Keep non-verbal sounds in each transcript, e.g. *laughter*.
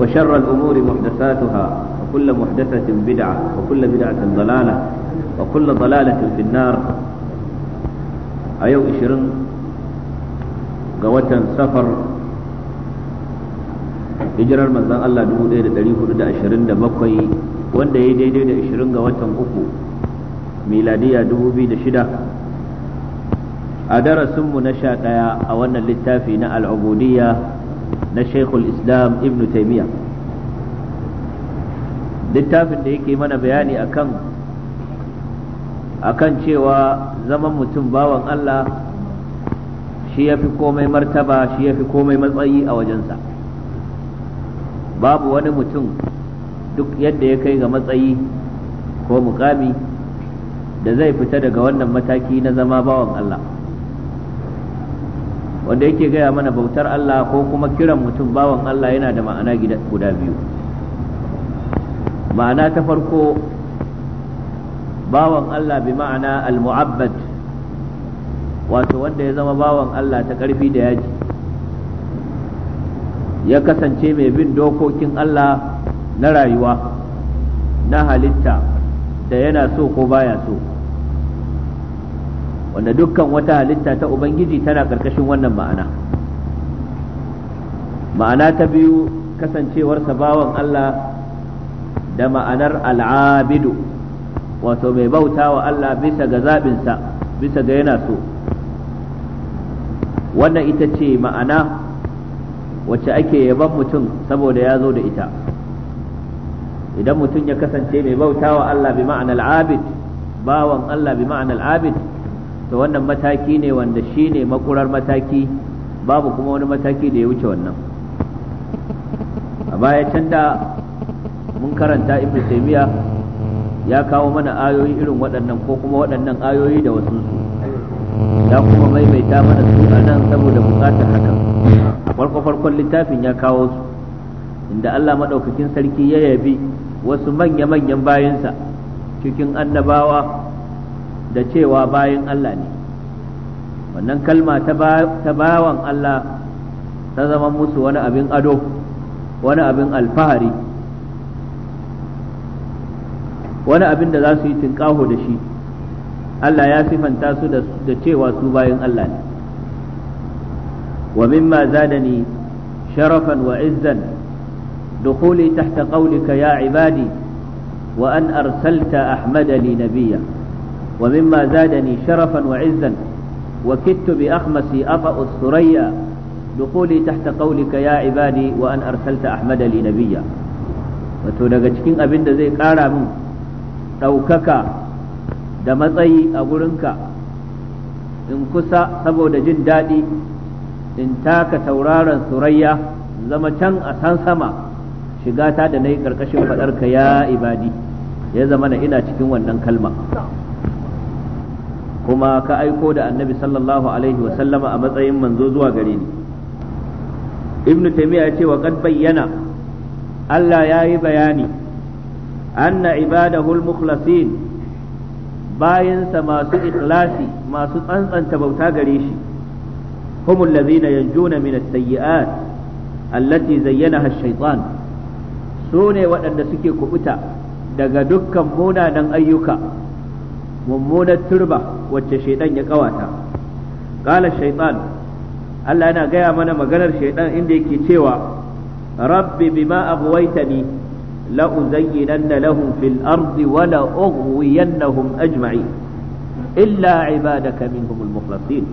وشر الأمور محدثاتها وكل محدثة بدعة وكل بدعة ضلالة وكل ضلالة في النار أيو إشرن قوة سفر hijirar manzan Allah 1427 wanda ya daidai da 20 ga watan uku miladiya 2006 a darasinmu na sha ɗaya a wannan littafi na al'ubudiyya na shekul islam ibn taimiyya littafin da yake mana bayani akan akan cewa zaman mutum bawan Allah shi ya fi komai martaba shi ya fi komai matsayi a wajensa babu wani mutum duk yadda ya kai ga matsayi ko mukami da zai fita daga wannan mataki na zama bawan Allah wanda yake gaya mana bautar Allah ko kuma kiran mutum bawan Allah yana da ma'ana guda biyu ma'ana ta farko bawan Allah bi ma'ana al-mu'abbad wato wanda ya zama bawan Allah ta ƙarfi da yaji ya kasance mai bin dokokin Allah na rayuwa na halitta da yana so ko baya so wanda dukkan wata halitta ta ubangiji tana karkashin wannan ma'ana ma'ana ta biyu kasancewarsa bawan Allah da ma'anar al'abidu wato mai bauta wa Allah bisa ga zaɓinsa bisa ga yana so wannan ita ce ma'ana wacce ake yaban mutum saboda ya zo da ita idan mutum ya kasance mai bauta wa Allah bi ma'anar abid bawan Allah bi ma'anar abid to wannan mataki ne wanda shi ne makurar mataki babu kuma wani mataki da ya wuce wannan a baya can da mun karanta ibn taymiya ya kawo mana ayoyi irin waɗannan ko kuma waɗannan ayoyi da wasu ya kuma maimaita mana su a nan saboda buƙatar hakan a farko farkon littafin ya kawo su inda Allah maɗaukakin sarki ya yabi wasu manya-manyan bayansa cikin annabawa da cewa bayan Allah ne wannan kalma ta bawan Allah ta zama musu wani abin ado wani abin alfahari wani abin da za su yi tinƙaho da shi Allah ya sifanta su da cewa su bayan Allah ne wa mimma zadani sharafan wa izzan dukhuli tahta qawlika ya ibadi wa an arsalta ahmada li ومما زادني شرفا وعزا وكدت بأخمسي أطأ الثريا دخولي تحت قولك يا عبادي وأن أرسلت أحمد لي نبيا wato daga cikin abin da zai ƙara min ɗaukaka da matsayi a gurinka in kusa saboda jin daɗi in taka tauraron surayya zama can a san sama shiga ta da na yi ƙarƙashin faɗarka ya ibadi ya zama na ina cikin wannan kalma kuma ka aiko da annabi sallallahu alaihi wa sallama a matsayin manzo zuwa gare ni ibn taymiya ya ce wa qad bayyana Allah ya yi bayani anna ibada al-mukhlasin bayansa masu ikhlasi masu tsantsanta bauta gare shi هم الذين ينجون من السيئات التي زينها الشيطان سوني waɗanda suke kubuta daga dukkan munanan ayyuka mummunar turba wacce shaidan ya kawata qala shaitan Allah yana gaya mana maganar shaidan inda yake cewa rabbi bima aghwaytani la uzayyinanna lahum fil ardi wa la ughwiyannahum ajma'in illa ibadaka minhum al mukhlasin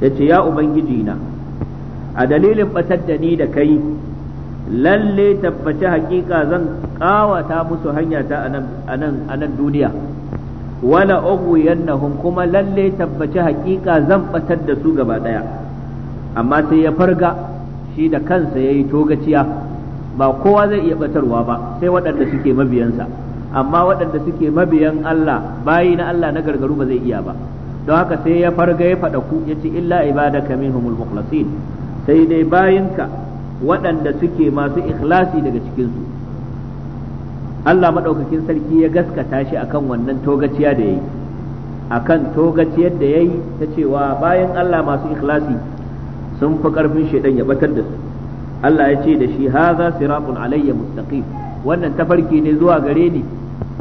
yace ya ubangiji na a dalilin batar da ni da kai lalle tabbaci hakika zan kawata musu hanyata a anan duniya wala nahun kuma lalle tabbace haƙiƙa zan batar da su gaba daya amma sai ya farga shi da kansa yayi togaciya ba kowa zai iya batarwa ba sai waɗanda suke mabiyansa amma waɗanda suke mabiyan Allah bayi na Allah na gargaru ba zai iya ba don haka sai ya farga ya faɗa ku ya illa ibadaka minhumul mukhlasin sai dai bayinka waɗanda suke masu ikhlasi daga cikinsu Allah maɗaukakin sarki ya gaskata shi akan wannan togaciya da yayi akan togaciyar da yayi ta cewa bayan Allah masu ikhlasi sun fi karfin shedan ya batar da su Allah ya ce da shi haza siratun alayya mustaqim wannan tafarki ne zuwa gare ni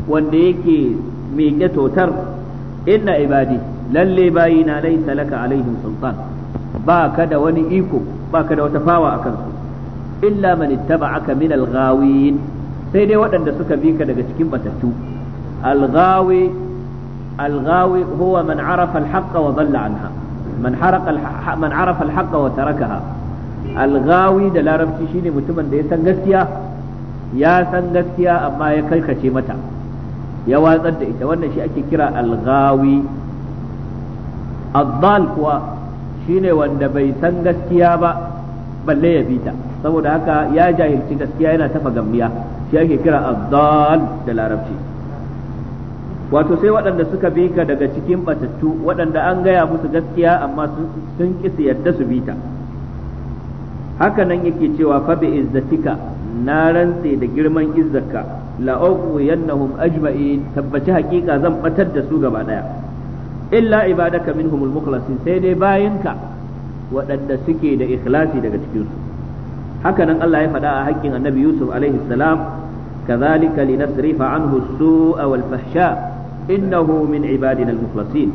wanda yake mai totar inna ibadi lalle bayina laysa laka alaihim sultan ba ka da wani iko ba ka da wata fawa akan su illa man ittaba'aka min al sai dai waɗanda suka bi ka daga cikin batattu alghawi alghawi huwa man arafa alhaqqa wa dhalla anha man haraqa man arafa alhaqqa wa tarakaha da larabci shine mutumin da ya san gaskiya ya san gaskiya amma ya karkace mata ya watsar da ita wannan shi ake kira algawi addal kuwa shine wanda bai san gaskiya ba balle ya bi ta saboda haka ya jahilci gaskiya yana tafa gambiya shi ake kira azzal da larabci wato sai waɗanda suka bi ka daga cikin batattu waɗanda an gaya musu gaskiya amma sun ƙi su yadda su bi ta haka nan yake cewa fa bi izzatika na rantse da girman izzarka la yannahum ajma'in tabbaci hakika zan batar da su gaba daya illa ibadaka minhumul mukhlasin sai dai bayinka waɗanda suke da ikhlasi daga cikinsu haka nan Allah ya faɗa a haƙƙin annabi Yusuf alaihi salam كذلك لنصرف عنه السوء والفحشاء إنه من عبادنا المخلصين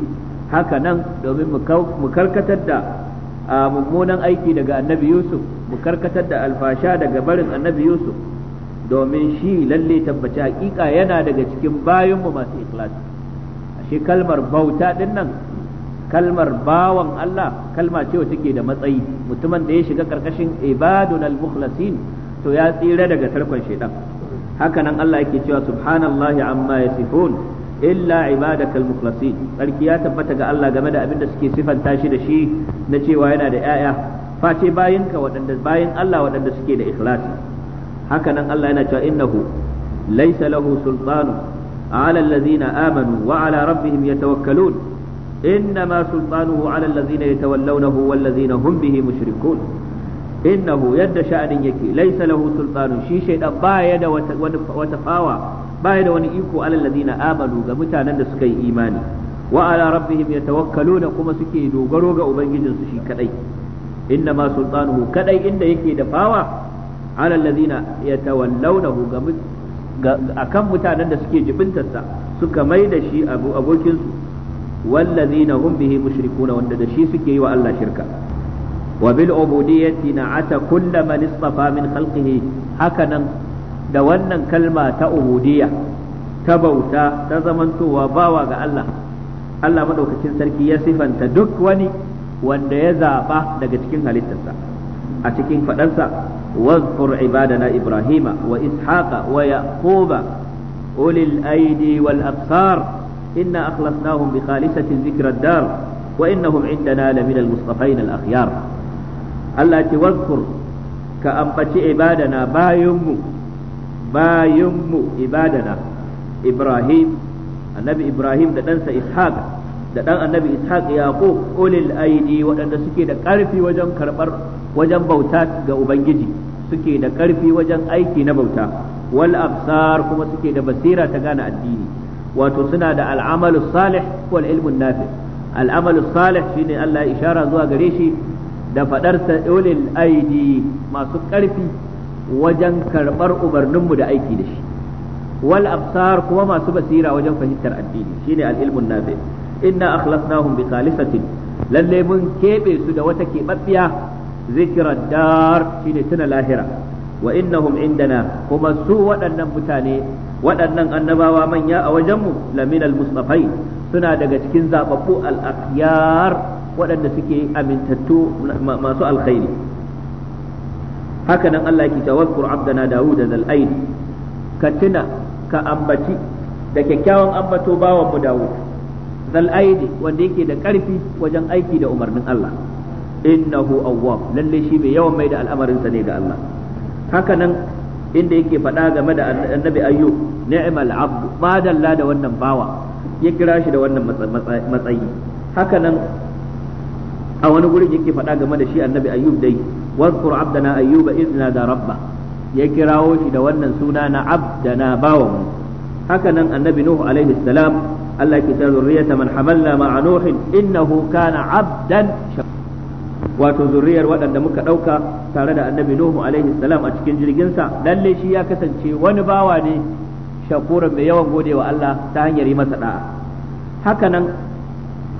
haka nan domin mu karkatar da mummunan aiki daga annabi yusuf mu karkatar da alfasha daga barin annabi yusuf domin shi lalle tabbaci hakika yana daga cikin bayanmu masu ikhlasi ashe kalmar bauta din kalmar bawan Allah kalma ce wacce ke da matsayi mutumin da ya shiga karkashin ibadun al-mukhlasin to ya tsira daga tarkon shaitan haka nan Allah yake cewa subhanallahi amma yasifun illa ibadakal mukhlasin sarki ya tabbata ga Allah game da abin da suke sifanta shi da shi na cewa yana da yaya face bayinka waɗanda bayin Allah waɗanda suke da ikhlasi haka nan Allah yana cewa innahu laysa lahu sultanu ala allazina amanu wa ala rabbihim yatawakkalun إنما سلطانه على الذين يتولونه والذين هم به مشركون إنه يد شأن يكي ليس له سلطان شي شيء بايد وتفاوى بايد ونئيكو على الذين آمنوا متانا سكي إيماني وعلى ربهم يتوكلون كما سكي دوغرو ga ubangijin su shi kadai إنما سلطانه kadai inda yake dafawa على الذين يتولونه akan mutanen da suke jibintarsa suka mai da shi abokinsu wallazina na bihi mushrikuna wanda da shi suke yi wa Allah shirka Wabil bil ubudiyyati na'ata kullu man istafa min khalqihi hakanan da wannan kalma ta o'budiya. ta bauta ta zamantowa bawa ga Allah Allah madaukakin sarki ya sifanta duk wani wanda ya zaba daga cikin halittarsa a cikin faɗansa, fadansa واذكر عبادنا wa وإسحاق ويعقوب أولي الأيدي والأبصار إنا أخلصناهم بخالصة ذكر الدار وإنهم عندنا لمن المصطفين الأخيار الله واذكر ka عبادنا بايم بايم عبادنا إبراهيم النبي إبراهيم تنسى إسحاق da dan annabi ishaq yaqub ulil aidi waɗanda suke da ƙarfi wajen karɓar wajen bauta ga ubangiji suke da ƙarfi wajen aiki na bauta wal absar kuma suke da basira ta gane addini wato suna da al'amalu salih wal ilmun nafi al'amalu salih shine Allah ya ishara zuwa gare shi da fadar sa ulil aidi masu karfi wajen karbar mu da aiki da shi wal absar kuma masu basira wajen fahimtar addini shine al ilmun nafi inna akhlasnahum bi khalisatin lalle mun kebe su da wata kebabbiya zikirar dar shine tuna lahira wa innahum indana kuma su waɗannan mutane waɗannan annabawa manya a wajenmu laminal mustafai suna daga cikin zababbu al-akhyar waɗanda suke amintattu masu alkhairi hakanan Allah yake cewa wazkur abdana dawuda da aini ka tuna ka ambaci da kyakkyawan ambato bawan mu dawud zal wanda yake da karfi wajen aiki da umarnin Allah innahu awwab lalle shi mai yawan mai da al'amarin ne ga Allah hakanan inda yake faɗa game da annabi ayyu ni'mal abdu madalla da wannan bawa ya kira shi da wannan matsayi haka nan a wani gurin yake faɗa game da shi annabi ayyub dai wazkur abdana ayyuba izna da rabba ya kirawo shi da wannan suna na abdana bawan mu haka nan annabi nuhu alaihi salam Allah ke ta zurriyata man hamalna ma'a nuhin innahu kana abdan shakura wato zuriyar waɗanda muka ɗauka tare da annabi nuhu alaihi salam a cikin jirginsa lalle shi ya kasance wani bawa ne shakuran mai yawan gode wa Allah ta hanyar yi masa da'a haka nan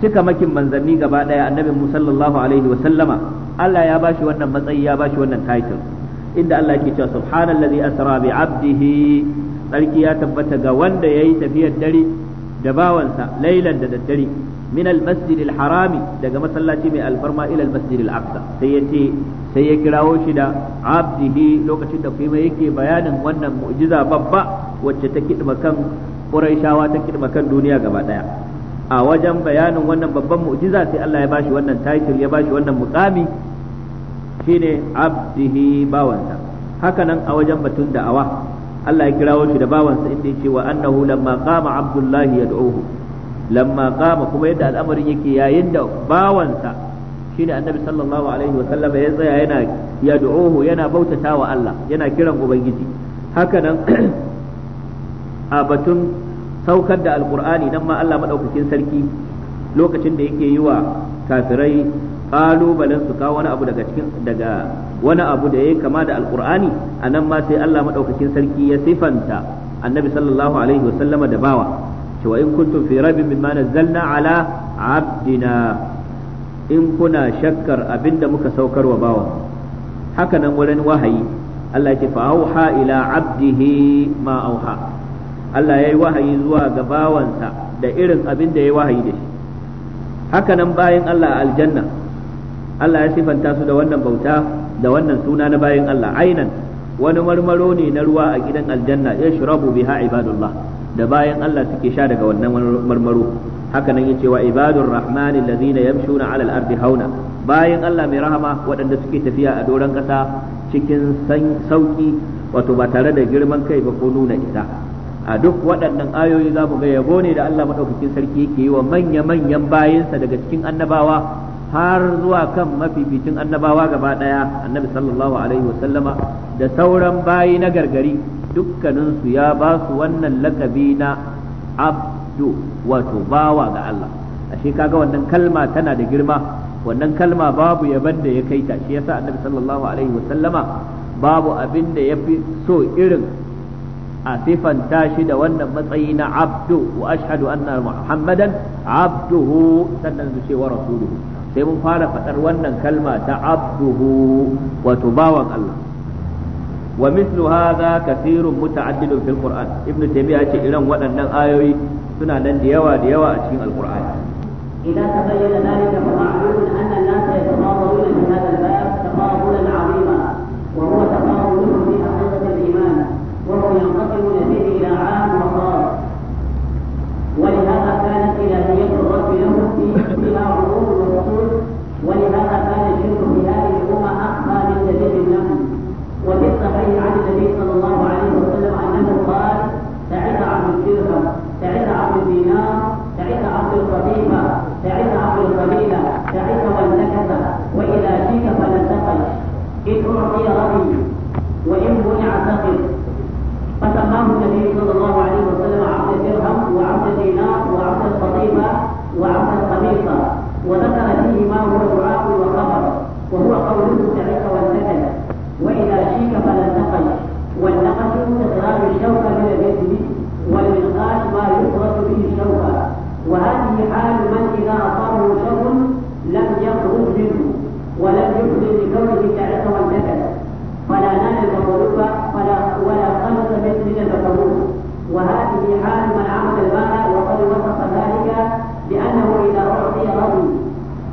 cika makin manzanni gaba ɗaya annabi mu sallallahu alaihi wa sallama Allah ya bashi wannan matsayi ya bashi wannan title inda Allah ke cewa subhanallazi asra bi abdihi tsarki ya tabbata ga wanda yayi tafiyar dare da bawansa lailan da daddare min al-masjid al-harami daga masallaci mai alfarma ila al-masjid al-aqsa sai ya ce sai ya kirawo shi da abdihi lokacin da kuma yake bayanin wannan mu'jiza babba wacce ta kidma kan Qurayshawa ta kidma kan duniya gaba daya a wajen bayanin wannan babban mu'jiza sai Allah ya bashi wannan title ya bashi wannan mukami shine abdihi bawansa hakanan a wajen batun da'awa Allah ya kirawo shi da bawansa inda yake wa annahu lamma qama abdullahi yad'uhu lamma qama kuma yadda al'amarin yake yayin da bawansa shine annabi sallallahu alaihi wa sallam ya tsaya yana yad'uhu yana bautata wa Allah yana kiran ubangiji hakanan *clears throat* a batun saukar da alqur'ani nan ma Allah madaukakin sarki lokacin da yake yi wa kafirai kalubalen su kawo wani abu daga cikin daga wani abu da yayi kama da alqur'ani anan ma sai Allah madaukakin sarki ya sifanta annabi sallallahu alaihi wa sallama da bawa cewa in kuntum fi raibin mimma nazzalna ala abdina in kuna shakkar abinda muka saukar wa bawa haka nan wurin wahayi Allah ya ce fa auha ila abdihi ma auha Allah yayi wahayi zuwa ga bawansa da irin abin da yayi wahayi da shi haka nan bayan Allah aljanna Allah ya sifanta su da wannan bauta da wannan suna na bayan Allah ainan wani marmaro ne na ruwa a gidan aljanna ya shirabu biha ibadullah da bayan Allah suke sha daga wannan marmaro haka nan yace wa ibadur rahmani allazina yamshuna 'ala al-ardi hauna bayan Allah mai rahama waɗanda suke tafiya a doron ƙasa cikin sauki wato ba tare da girman kai ba ko nuna isa a duk waɗannan ayoyi za mu ga yabo ne da Allah maɗaukakin sarki yake yi wa manya-manyan bayinsa daga cikin annabawa har zuwa kan mafificin annabawa gaba ɗaya annabi sallallahu alaihi sallama da sauran bayi na gargari dukkaninsu ya ba su wannan lakabi na abdu wato bawa ga Allah ashe kaga wannan kalma tana da girma wannan kalma babu yaban da ya kaita shi yasa annabi sallallahu alaihi sallama babu abin da ya fi so irin a sifanta shi da wannan matsayi na abdu wa ashhadu anna muhammadan abduhu sannan su ce wa rasuluhu sai mun fara faɗar wannan kalma ta abduhu wato bawan Allah ومثل هذا كثير متعدد في القرآن ابن تيمية إلى ودن آيوي سنة ديوى ديوى أشكين القرآن إذا تبين ذلك فمعلوم أن الناس يتقابلون في هذا الباب تقابلا عظيما وهو تقابل في حقيقة الإيمان وهو ينقسم فيه إلى عام وخاص ولهذا كانت إلهية الرب له كلها عروض وفصول ولهذا كان وعفى القميص وذكر فيه ما هو دعاء وخبر وهو قوله تعيق والنكل واذا شيك فلا نقل والنقل اخراج الشوكه من اليد والمنقاش ما يفرط به الشوكه وهذه حال من اذا اصابه شر لم يخرج منه ولم يخرج لكونه تعيق والنكل فلا نال المغلوب فلا ولا خلص من المغلوب وهذا لأنه إذا أعطي رضي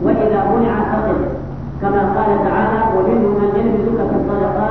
وإذا منع فقد كما قال تعالى ومنهم من يلبسك في الصدقات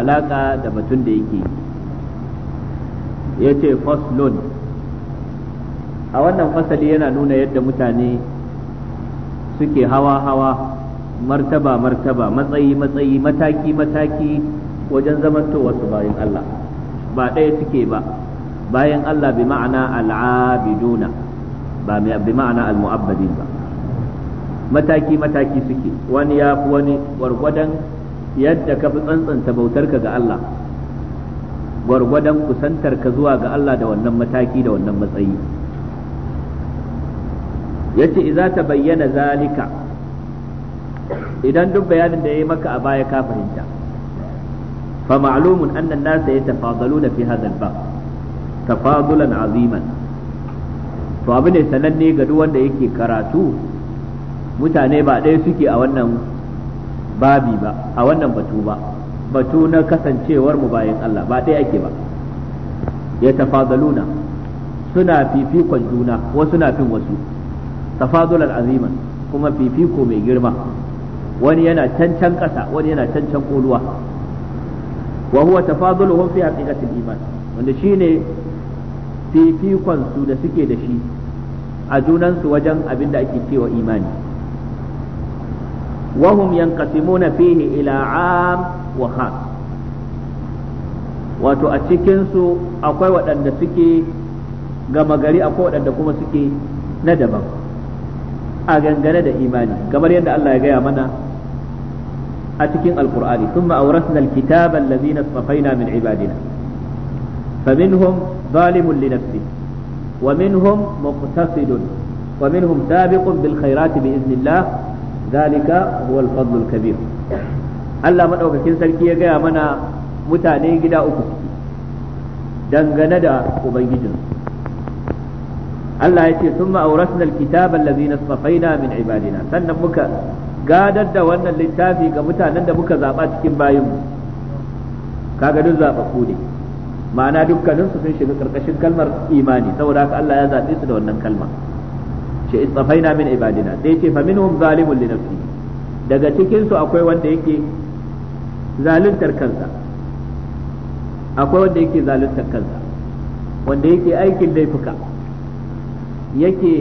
alaka da batun da yake ya ce faslun a wannan fasali yana nuna yadda mutane suke hawa-hawa martaba-martaba matsayi-matsayi mataki-mataki wajen zamantowa su bayan Allah ba ɗaya suke ba bayan Allah bi ma'ana al'abiduna ba bi ma'ana al-mu'abbadin ba mataki-mataki suke wani ya fi wani gwargwadon yadda ka fi tsantsanta bautarka ga Allah gwargwadon kusantar ka zuwa ga Allah da wannan mataki da wannan matsayi yace idza ta bayyana zalika idan duk bayanin da ya yi maka a baya ka fahimta fa ma'lumun anna an-nas yatafadaluna fi hadha al-bab tafadulan aziman to abu ne sananne ga duk wanda yake karatu mutane ba ɗaya suke a wannan babi ba a wannan batu ba batu na kasancewar mu bayan Allah ba ɗaya ake ba ya tafadaluna suna fifikon juna wasu na fin wasu tafadulan aziman kuma fifiko mai girma wani yana cancan ƙasa wani yana can can ƙoluwa wa huwa tafaduluhum fi haqiqatil iman wanda shine fifikon su da suke da shi a junansu wajen abin da ake cewa imani وهم ينقسمون فيه إلى عام وخاص wato a cikinsu akwai waɗanda suke gama gari akwai waɗanda kuma suke na daban a gangane da imani kamar yadda Allah ya gaya mana a cikin alkur'ani thumma awrasna kitaban lazina safaina min ibadina faminhum zalimun li nafsi wa minhum muqtasidun wa minhum sabiqun bil khairati bi iznillah zalika huwal fadlul kabir Allah madaukakin sarki ya gaya mana mutane gida uku dangane da ubangijin Allah ya ce sun ma'auratun alkitab allazina safaina min ibadina sannan muka gadar da wannan littafi ga mutanen da muka zaba cikin bayinmu kaga duk zababbu ne ma'ana dukkaninsu sun shiga karkashin kalmar imani saboda haka Allah ya zaɓe su da wannan kalma ce istafaina min ibadina sai ce fa minhum zalimun li nafsi daga cikin su akwai wanda yake zaluntar kansa akwai wanda yake zaluntar kansa wanda yake aikin laifuka yake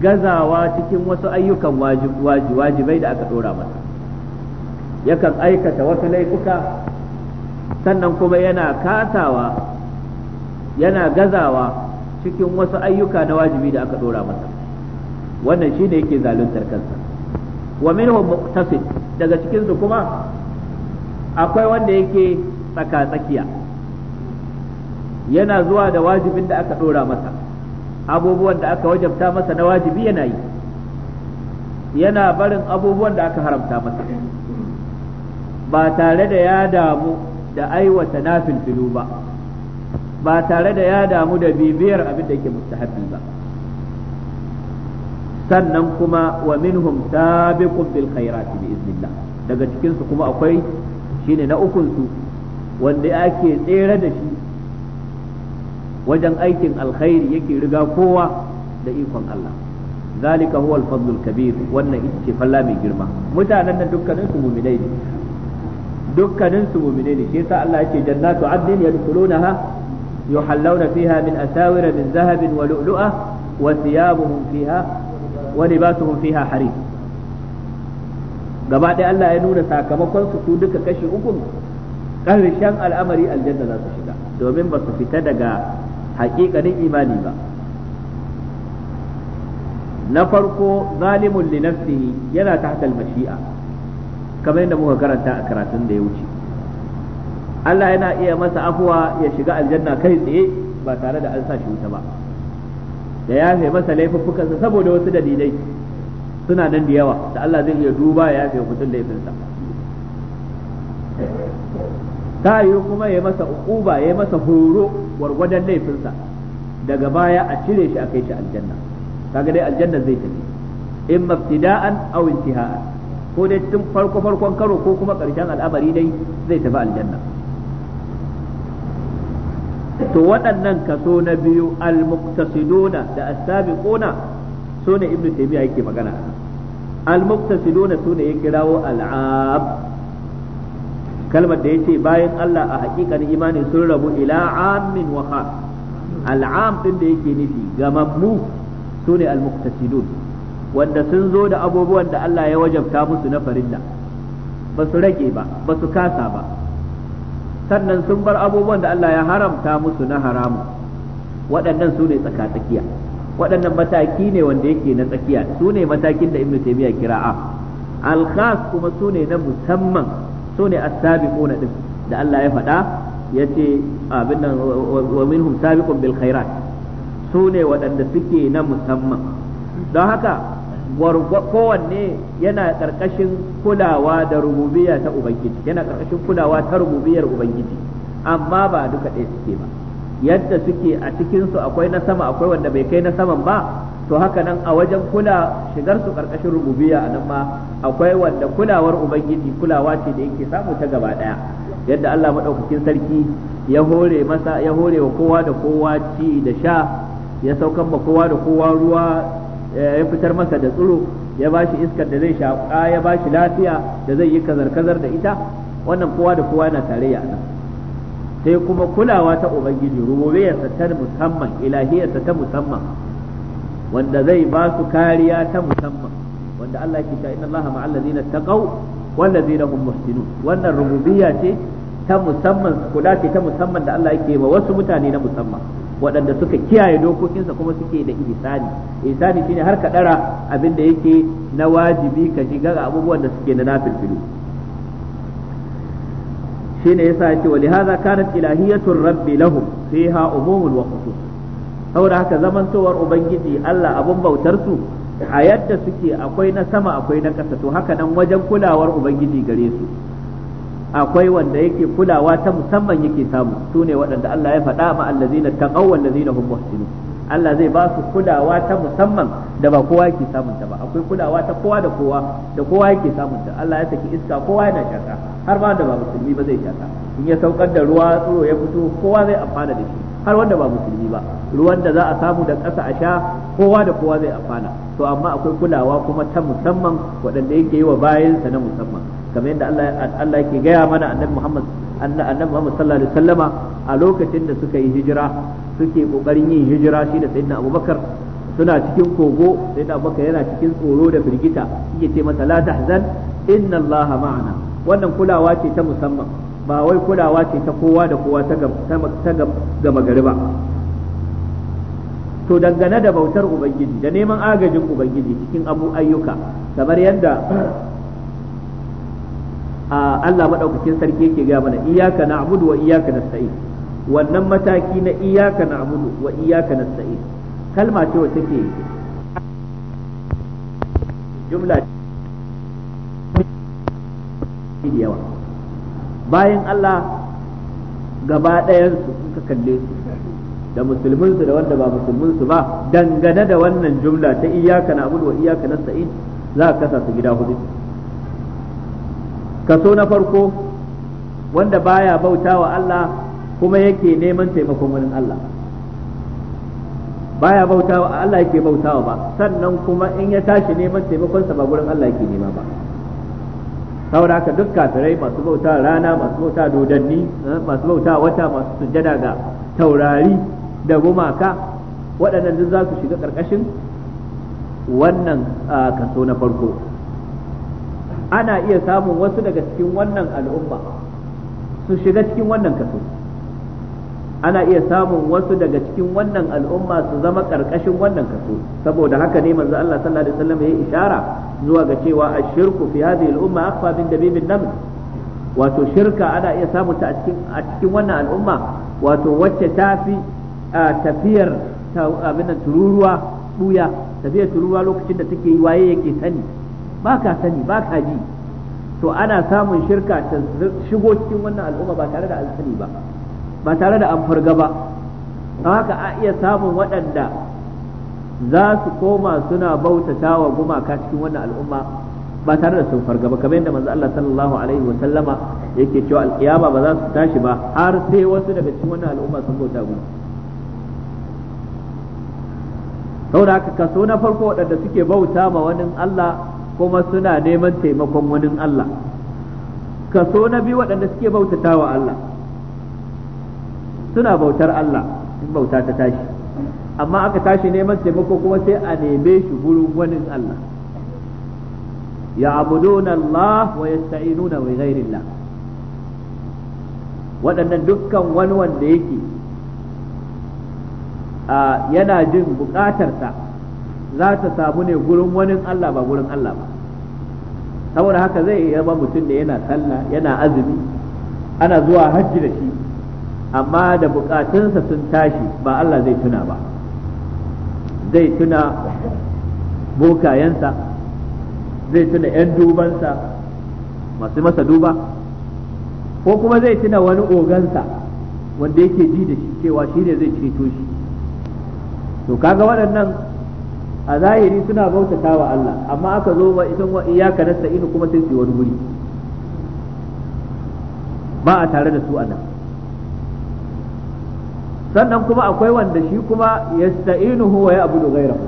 gazawa cikin wasu ayyukan wajibai da aka dora masa yakan aikata wasu laifuka sannan kuma yana katawa yana gazawa cikin wasu ayyuka na wajibi da aka dora masa wannan shi ne yake zaluntar kansa wa minhum muqtasid daga cikin su kuma akwai wanda yake tsaka tsakiya yana zuwa da wajibin da aka dora masa abubuwan da aka wajabta masa na wajibi yana yi yana barin abubuwan da aka haramta masa ba tare da ya damu da aiwata nafil filu ba ba tare da ya damu da bibiyar abin da yake mustahabi ba sannan kuma wa minhum sabiqun bil khairat bi iznillah daga cikin su kuma akwai shine na ukun su wanda ake tsere da shi wajen aikin alkhairi yake riga kowa da ikon Allah zalika huwa al-fadl al-kabir wannan ita ce falla mai girma mutanen nan dukkanin su mu'minai ne dukkanin su mu'minai ne shi yasa Allah yake jannatu adnin yadkhulunaha yuhallawna fiha min asawira min zahabin wa lu'lu'a wa thiyabuhum fiha wa basu fiha harir gaba ɗaya Allah ya nuna sakamakon su su duka kashi uku karshen al'amari aljanna za su shiga domin ba su fita daga haƙiƙanin imani ba na farko zalimun li nafsihi yana tahtal mashi'a kamar yadda muka karanta a karatun da ya wuce Allah yana iya masa afuwa ya shiga aljanna kai tsaye ba tare da an sa shi wuta ba da yafe masa laifuffukansa saboda wasu dalilai suna nan da yawa da Allah zai iya duba ya yafe mutum laifinsa ta yiwu kuma ya masa uquba ya masa horo gwargwadon laifinsa daga baya a cire shi a kai shi aljanna kaga dai aljanna zai tafi in mabtida'an aw intiha'an ko dai tun farko farkon karo ko kuma karshen al'amari dai zai tafi aljanna to waɗannan kaso na biyu al da as sune ibnu taymiya yake magana al sune ya kirawo al kalmar da yace bayan Allah a hakikar imani sun rabu ila ammin wa khas al din da yake nufi gamammu sune al wanda sun zo da abubuwan da Allah ya wajabta musu na farilla ba su rage ba ba su kasa ba sannan sun bar abubuwan da Allah ya haramta musu na haramu waɗannan su ne tsakiya waɗannan mataki ne wanda yake na tsakiya su ne matakin da ibnu taymiya kira a alkhas kuma su ne na musamman su ne as-sabiquna din da Allah ya faɗa yace abin nan wa minhum sabiqun bil khairat su ne waɗanda suke na musamman don haka kowanne yana karkashin kulawa da rububiya ta ubangiji yana karkashin kulawa ta rububiyar ubangiji amma ba duka ɗaya suke ba yadda suke a cikinsu akwai na sama akwai wanda bai kai na saman ba to haka nan a wajen kula shigar su karkashin rububiya a nan ma akwai wanda kulawar ubangiji kulawa ce da yake samu ta gaba ɗaya yadda Allah maɗaukakin sarki ya hore masa ya hore wa kowa da kowa ci da sha ya saukan ma kowa da kowa ruwa Eh, ya fitar masa da tsiro ya bashi iskar da zai shaƙa ah, ya bashi lafiya da zai yi kazar-kazar da ita wannan kowa da kowa yana tarayya nan sai kuma kulawa ta ubangiji rububiyarsa ta musamman ilahiyarsa ta musamman wanda zai ba su kariya ta musamman wanda Allah ke cewa inna Allaha ma'al ladina taqaw wal ladina hum muhsinun wannan rububiyya ce ta musamman kula ce ta musamman da Allah yake wa wasu mutane na musamman waɗanda suka kiyaye dokokinsa kuma suke da ihsani ihsani shine har ka dara abin da yake na wajibi ka shiga a abubuwan da suke na nafilfilu shine yasa yace wa lihaza kanat ilahiyatur rabbi lahum fiha umumun wa khusus saboda haka zamantowar ubangiji Allah abun bautar su a yadda suke akwai na sama akwai na ƙasa to haka nan wajen kulawar ubangiji gare su akwai wanda yake kulawa ta musamman yake samu su ne waɗanda Allah ya faɗa ma allazina taqaw na hum muhsinun Allah zai ba su kulawa ta musamman da ba kowa yake samunta ba akwai kulawa ta kowa da kowa da kowa yake samunta Allah ya saki iska kowa yana shaka har ba da ba musulmi ba zai shaka in ya saukar da ruwa tsoro ya fito kowa zai amfana da shi har wanda ba musulmi ba ruwan da za a samu da ƙasa a sha kowa da kowa zai amfana to amma akwai kulawa kuma ta musamman waɗanda yake yi wa bayansa na musamman kamar yadda Allah yake gaya mana annabi Muhammad annabi Muhammad sallallahu alaihi wasallama a lokacin da suka yi hijira suke kokarin yin hijira shi da sayyidina Abubakar suna cikin kogo sayyidina Abubakar yana cikin tsoro da firgita yake ce masa la tahzan inna Allah ma'ana wannan kulawa ce ta musamman ba wai kulawa ce ta kowa da kowa ta gama gari ba to dangane da bautar ubangiji da neman agajin ubangiji cikin abu ayyuka kamar yadda Allah maɗaukakin sarki yake gaya mana iyaka na wa iyaka na wannan mataki na iyaka na wa iyaka na kalma ce wa take jumla da yawa bayan Allah gaba ɗayan su suka kalle su da musulmin su da wanda ba musulmin su ba dangane da wannan jumla ta iyaka abu da wa na sa'in, za ka kasa su gida hudu kaso na farko wanda baya bautawa Allah kuma yake neman taimakon wurin Allah baya bautawa Allah yake bautawa ba sannan kuma in ya tashi neman taimakon sa ba gurin Allah yake nema ba saboda haka duk kafirai masu bauta rana masu bauta dodanni eh, masu bauta wata masu sujada ga taurari da gumaka waɗannan duk za su shiga ƙarƙashin wannan kaso na farko ana iya samun wasu daga cikin wannan al'umma su shiga cikin wannan kaso ana iya samun wasu daga cikin wannan al'umma su zama karkashin wannan kaso saboda haka ne manzo Allah sallallahu alaihi wasallam ya ishara zuwa ga cewa ashirku fi hadhihi al'umma akfa min dabibin nam wato shirka ana iya samun ta a cikin a cikin wannan al'umma wato wacce ta fi tafiyar abin tururuwa buya tafiyar tururuwa lokacin da take yi waye yake sani ba ka sani ba ka ji to ana samun shirka ta shigo cikin wannan al'umma ba tare da alsani ba ba tare da an farga ba haka a iya samun waɗanda za su koma suna bautata wa gumaka cikin wannan al'umma ba tare da sun farga ba kamar yadda manzo Allah sallallahu alaihi wa sallama yake cewa alkiyama ba za su tashi ba har sai wasu daga cikin wannan al'umma sun bauta gumi. saboda haka kaso na farko waɗanda suke bauta ma wani Allah kuma suna neman taimakon wani Allah kaso na biyu waɗanda suke bautata wa Allah suna bautar Allah in bauta ta tashi amma aka tashi neman taimako kuma sai a neme shi gurin wani Allah ya'buduna Allah wa yasta'inuna bi ghairillah waɗannan dukkan wani wanda yake yana jin bukatarsa za ta samu ne gurin wani Allah ba gurin Allah ba saboda haka zai iya ba mutum da yana sallah yana azumi ana zuwa hajji da shi amma da bukatunsa sun tashi ba Allah zai tuna ba zai tuna bokayensa zai tuna 'yan dubansa masu masa duba ko kuma zai tuna wani ogansa wanda yake ji da shi cewa shi ne zai ceto shi to kaga waɗannan a zahiri suna bautata wa Allah amma aka zo ba idan wa iyaka nasta'inu kuma sai su wani guri ba a tare da su a nan sannan kuma akwai wanda shi kuma yasta'inuhu wa ya'budu ghayrahu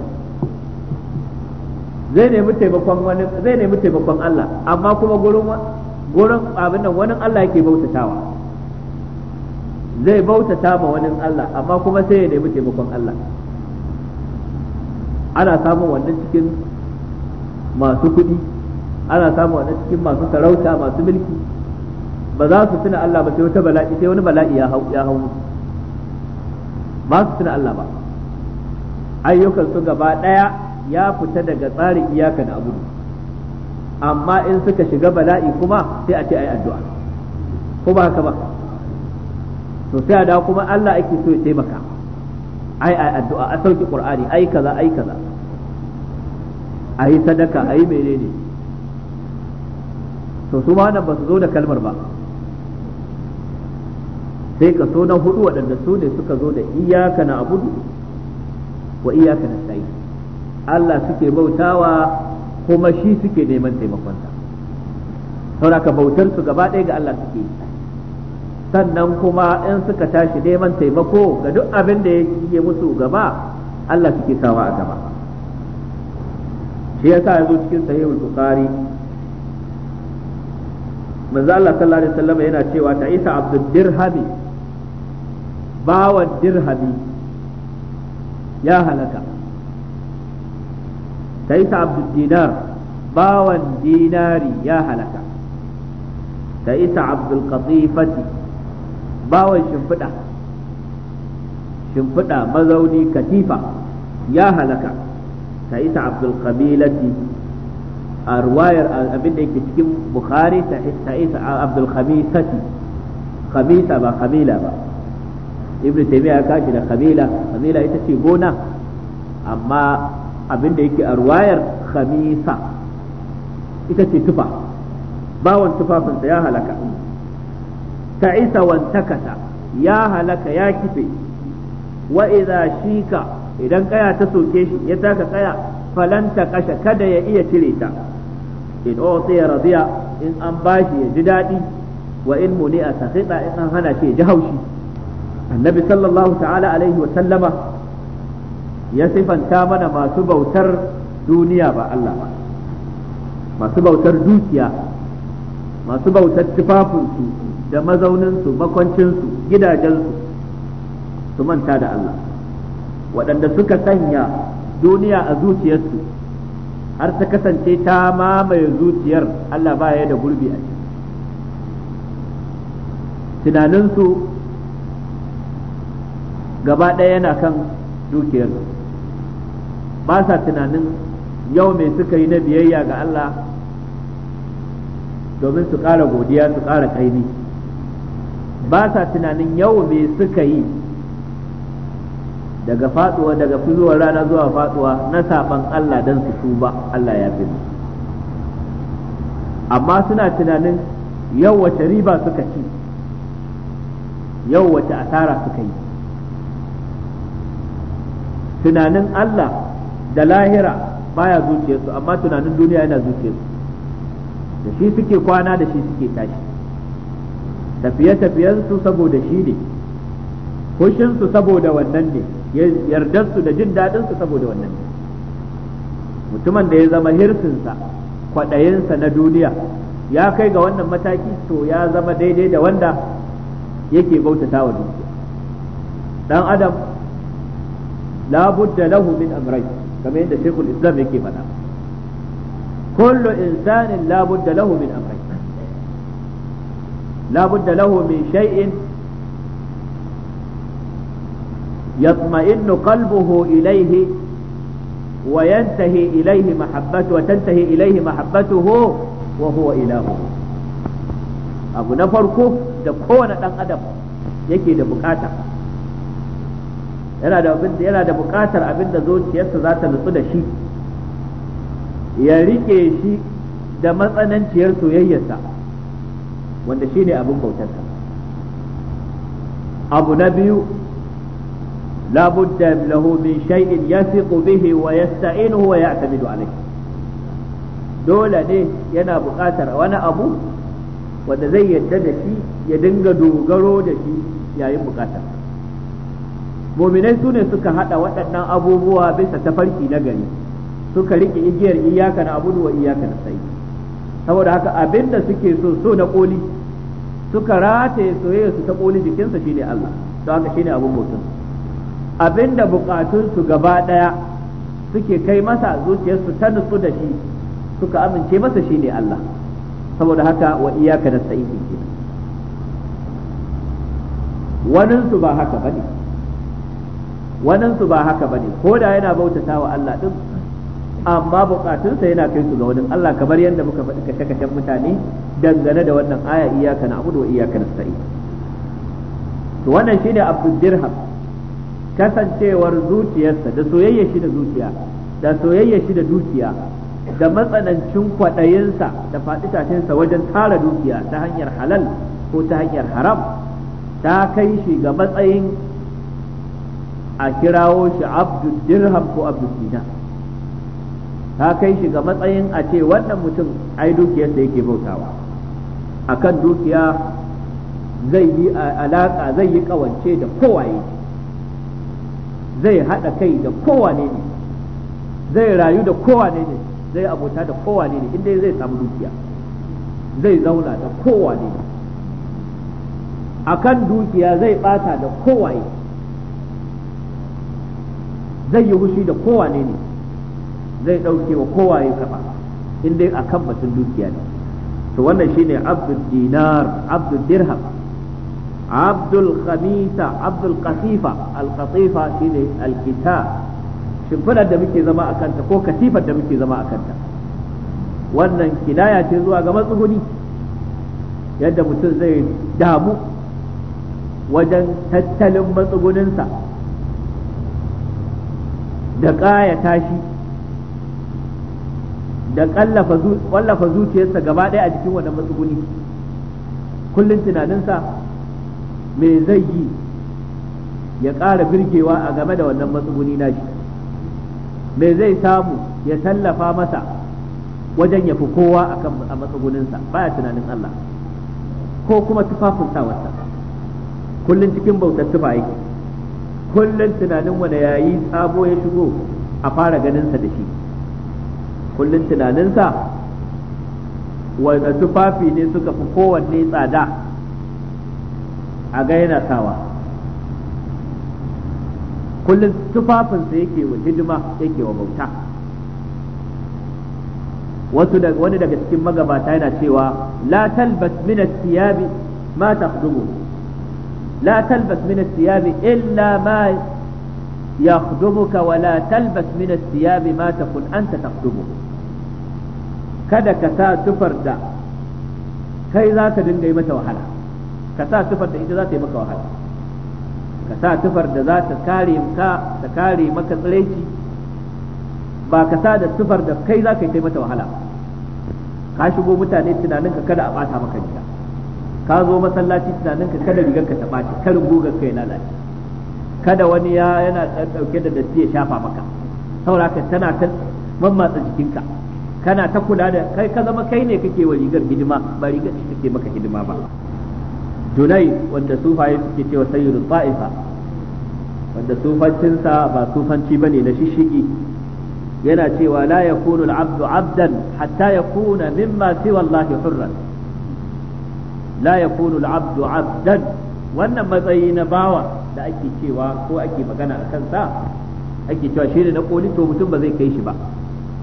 zai nemi taimakon wani zai nemi taimakon Allah amma kuma gurin gurin abin nan wani Allah yake bautatawa zai bautata ma wani Allah amma kuma sai ya nemi taimakon Allah ana samun wannan cikin masu kuɗi ana samun wannan cikin masu sarauta masu mulki ba za su tuna Allah ba sai wata bala'i sai wani bala'i ya hau ya hau musu ba su tuna Allah ba ayyukan su gaba daya ya fita daga tsarin iyaka da abudu amma in suka shiga bala'i kuma sai a ce ayi addu'a ko ba haka ba to sai da kuma Allah ake so ya taimaka ai ai addu'a a sauki qur'ani ai kaza ai kaza ai sadaka ai menene to su ma nan ba su zo da kalmar ba sai kaso na hudu waɗanda su ne suka zo da iyaka na abudu wa iyaka na sa'i Allah suke bautawa kuma shi suke neman taimakonsa sauraka bautar su gaba ɗaya ga Allah suke sannan kuma in suka tashi neman taimako ga duk abin da ya musu gaba Allah suke sawa a gaba shi yasa yazo cikin sahihul bukhari manzo Allah sallallahu alaihi wasallam yana cewa ta isa abdul dirhami bawan dirhami ya halaka taita abdul dinar bawan dinari ya halaka taita abdul qatifati bawan shimfiɗa shimfiɗa mazauni katifa ya halaka taita abdul qabilati a ruwayar abinda yake cikin bukhari taita abdul khamisati khamisa ba khamila ba ibnu taymiya ya kashi da khabila khabila ita ce gona amma abin da yake a ruwayar khamisa ita ce tufa bawon tufafinsa ya halaka ta isa wantakasa ya halaka ya kife wa idza shika idan kaya ta soke shi ya taka kaya falanta kasha kada ya iya cire ta in ya radiya in an bashi ya ji daɗi wa in muni a in an hana shi ya ji haushi annabi sallallahu ta'ala wa sallama ya sifanta mana masu bautar duniya ba Allah ba masu bautar dukiya masu bautar tufafinsu da mazauninsu makwancinsu gidajensu su manta da Allah waɗanda suka sanya duniya a zuciyarsu har ta kasance ta mamaye zuciyar Allah baya da gurbi a ciki gaba ɗaya yana kan dukiyar ba sa tunanin yau mai suka yi na biyayya ga Allah domin su ƙara godiya su ƙara kaini ba sa tunanin yau mai suka yi daga faduwa daga fitowar rana zuwa faduwa na saban Allah don su tuba Allah ya fi amma suna tunanin yau wace riba suka ci yau wace asara suka yi tunanin Allah da lahira baya zuciyarsu amma tunanin duniya yana zuciyarsu da shi suke kwana da shi suke tashi tafiye-tafiyensu saboda shi ne hushinsu saboda wannan ne yardarsu da jin daɗinsu saboda wannan ne mutumin da ya zama hirsinsa kwaɗayinsa na duniya ya kai ga wannan mataki to ya zama daidai da wanda yake bautata wa dukiya dan adam la lahu min amrayn kamar yadda shaykhul islam yake faɗa kullu insanin la budda lahu min amrayn la budda lahu min shay'in يطمئن قلبه إليه وينتهي إليه محبته وتنتهي إليه محبته وهو إلهه أبو نفركو da kowane ɗan adam yake da bukata yana da abin yana da buƙatar abin da zuciyarsa za ta nutsu da shi ya rike shi da matsananciyar soyayyarsa wanda shi ne abin bautarsa abu na biyu labudda lahu min shay'in yasiqu bihi wa yasta'inuhu wa ya'tamidu alayhi dole ne yana buƙatar wani abu wanda zai yadda da shi ya dinga dogaro da shi yayin buƙatar mominai su ne suka hada waɗannan abubuwa bisa tafarki na gari suka rike igiyar iyaka na abudu wa iyaka na sai saboda haka abinda suke so so na koli suka rataye soyayya su ta koli jikinsa shine Allah don haka shine abun mutum abinda bukatun su gaba daya suke kai masa zuciyarsu ta nutsu da shi suka amince masa shine Allah saboda haka wa iyaka na sai su ba haka bane waninsu ba haka ba ne ko da yana bautata wa Allah ɗin amma bukatunsa yana kai su ga wajen Allah kamar yadda muka faɗi kashe-kashen mutane dangane da wannan aya iyaka na abudu wa iyaka nasta'in to wannan shine abdul dirham kasancewar zuciyarsa da soyayya shi da zuciya da soyayya shi da dukiya da matsanancin kwaɗayinsa da faɗi tashinsa wajen tara dukiya ta hanyar halal ko ta hanyar haram ta kai shi ga matsayin a kirawo shi abdu dirham ko abdu dinar ta kai shi ga matsayin a ce wannan mutum ai dukiyarsa yake bautawa akan dukiya zai yi alaka zai yi kawance da kowaye zai haɗa kai da kowane ne zai rayu da kowane ne zai abota da kowane ne inda zai samu dukiya zai zauna da kowane ne akan dukiya zai bata da kowaye zai yi hushi da kowane ne zai ɗauke wa kowaye kafa in dai a kan batun dukiya ne to wannan shine abdul dinar abdul dirham abdul khamisa abdul qatifa al qatifa shine al kita shimfidar da muke zama a kanta ko katifar da muke zama a kanta wannan kinaya ce zuwa ga matsuguni yadda mutum zai damu wajen tattalin matsuguninsa da ƙayata tashi da ƙwallafa zuciyarsa gaba ɗaya a jikin wannan matsuguni kullum tunaninsa me zai yi ya ƙara birgewa a game da wannan matsuguni shi? mai zai samu ya tallafa masa wajen ya fi kowa a matsuguninsa baya tunanin Allah ko kuma tufafin sawarsa kullum cikin bautar tufa yake kullum tunanin wani yayi sabo ya shigo a fara ganinsa da shi kullum tunaninsa wanda tufafi ne suka fi kowanne tsada a ga yana sawa kullum tufafinsa yake wa hidima yake wa bauta wasu wani daga cikin magabata yana cewa la talbas min thiyabi ma takhdumu لا تلبس من الثياب إلا ما يخدمك ولا تلبس من الثياب ما تكن أنت تخدمه kada ka sa tufar da kai za ka dinga yi mata wahala ka sa tufar da ita za ta yi maka wahala ka sa tufar da za ta kare ka ta kare maka tsiraici ba ka sa da tufar da kai za ka yi mata wahala ka shigo mutane tunanin ka kada a bata maka gida ka zo masallaci tunanin ka kada rigar ka ta ɓaci karin gugar ka ya lalace kada wani ya yana ɗan ɗauke da datti ya shafa maka saboda tana ta mammatsa jikinka kana ta kula da kai ka zama kai ne kake wa rigar hidima ba rigar ce take maka hidima ba dunai wanda sufaye suke cewa sayyidu ta'ifa wanda sufancinsa ba sufanci bane na shishigi yana cewa la yakunu al-abdu abdan hatta yakuna mimma siwa Allah hurran la yakunu al-abdu 'abdan wannan matsayi na bawa da ake cewa ko ake magana a kansa ake cewa shi ne na koli to mutum ba zai kai shi ba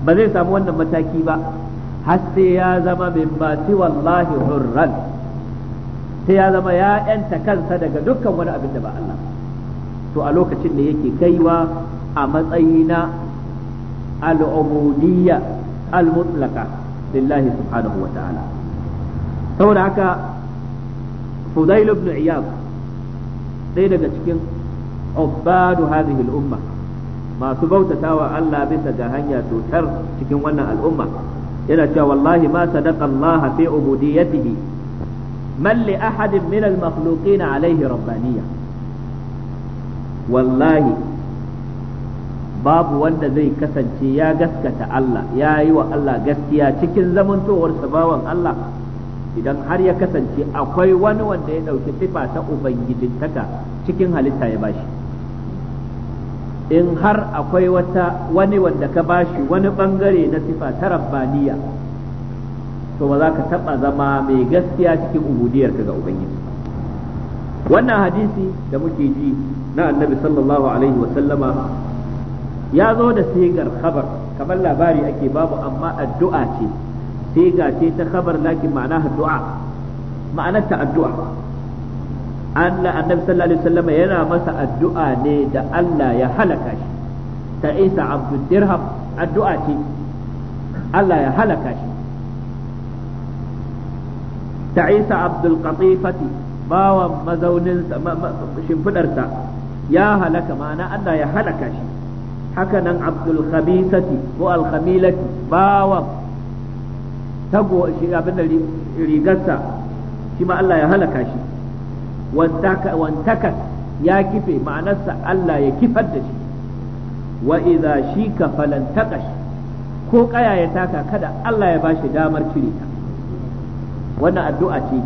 ba zai samu wannan mataki ba har sai ya zama min bati wallahi hurran sai ya zama ya yanta kansa daga dukkan wani abin da to a lokacin da yake kaiwa a matsayi na al'ubudiyya al-mutlaqa lillahi subhanahu wa ta'ala saboda haka Fudail ibn Iyad ɗaya daga cikin ubbadu hadhihi al-umma masu bautatawa Allah bisa ga hanya tutar cikin wannan al'umma yana cewa wallahi ma sadaqa Allah fi ubudiyyatihi man li ahadin min al-makhluqin alayhi rabbaniyya wallahi babu wanda zai kasance ya gaskata Allah ya yi wa Allah gaskiya cikin zamantowarsa bawan Allah idan har ya kasance akwai wani wanda ya ɗauki sifa ta ubangijintaka cikin halitta ya bashi in har akwai wata wani wanda ka bashi wani bangare na sifa ta rabbaniya to ba za ka taɓa zama mai gaskiya cikin ubudiyar ka ga ubangiji wannan hadisi da muke ji na annabi sallallahu alaihi wa ya zo da sigar khabar kamar labari ake babu amma addu'a ce siga ce ta khabar lakin ma'ana addu'a ma'anar ta addu'a Allah annabi sallallahu alaihi wasallam yana masa addu'a ne da Allah ya halaka shi ta Isa abdul dirham addu'a ce Allah ya halaka shi ta Isa abdul qatifati bawan mazaunin shimfidarsa ya halaka ma'ana Allah ya halaka shi haka nan abdul khabisati ko al khamilati bawan tago shi abin da rigarsa shi ma Allah ya halaka shi wantaka ya kife ma'anarsa Allah ya kifar da shi wa idza shika falan taqash ko kaya ya taka kada Allah ya bashi damar cire ta wannan addu'a ce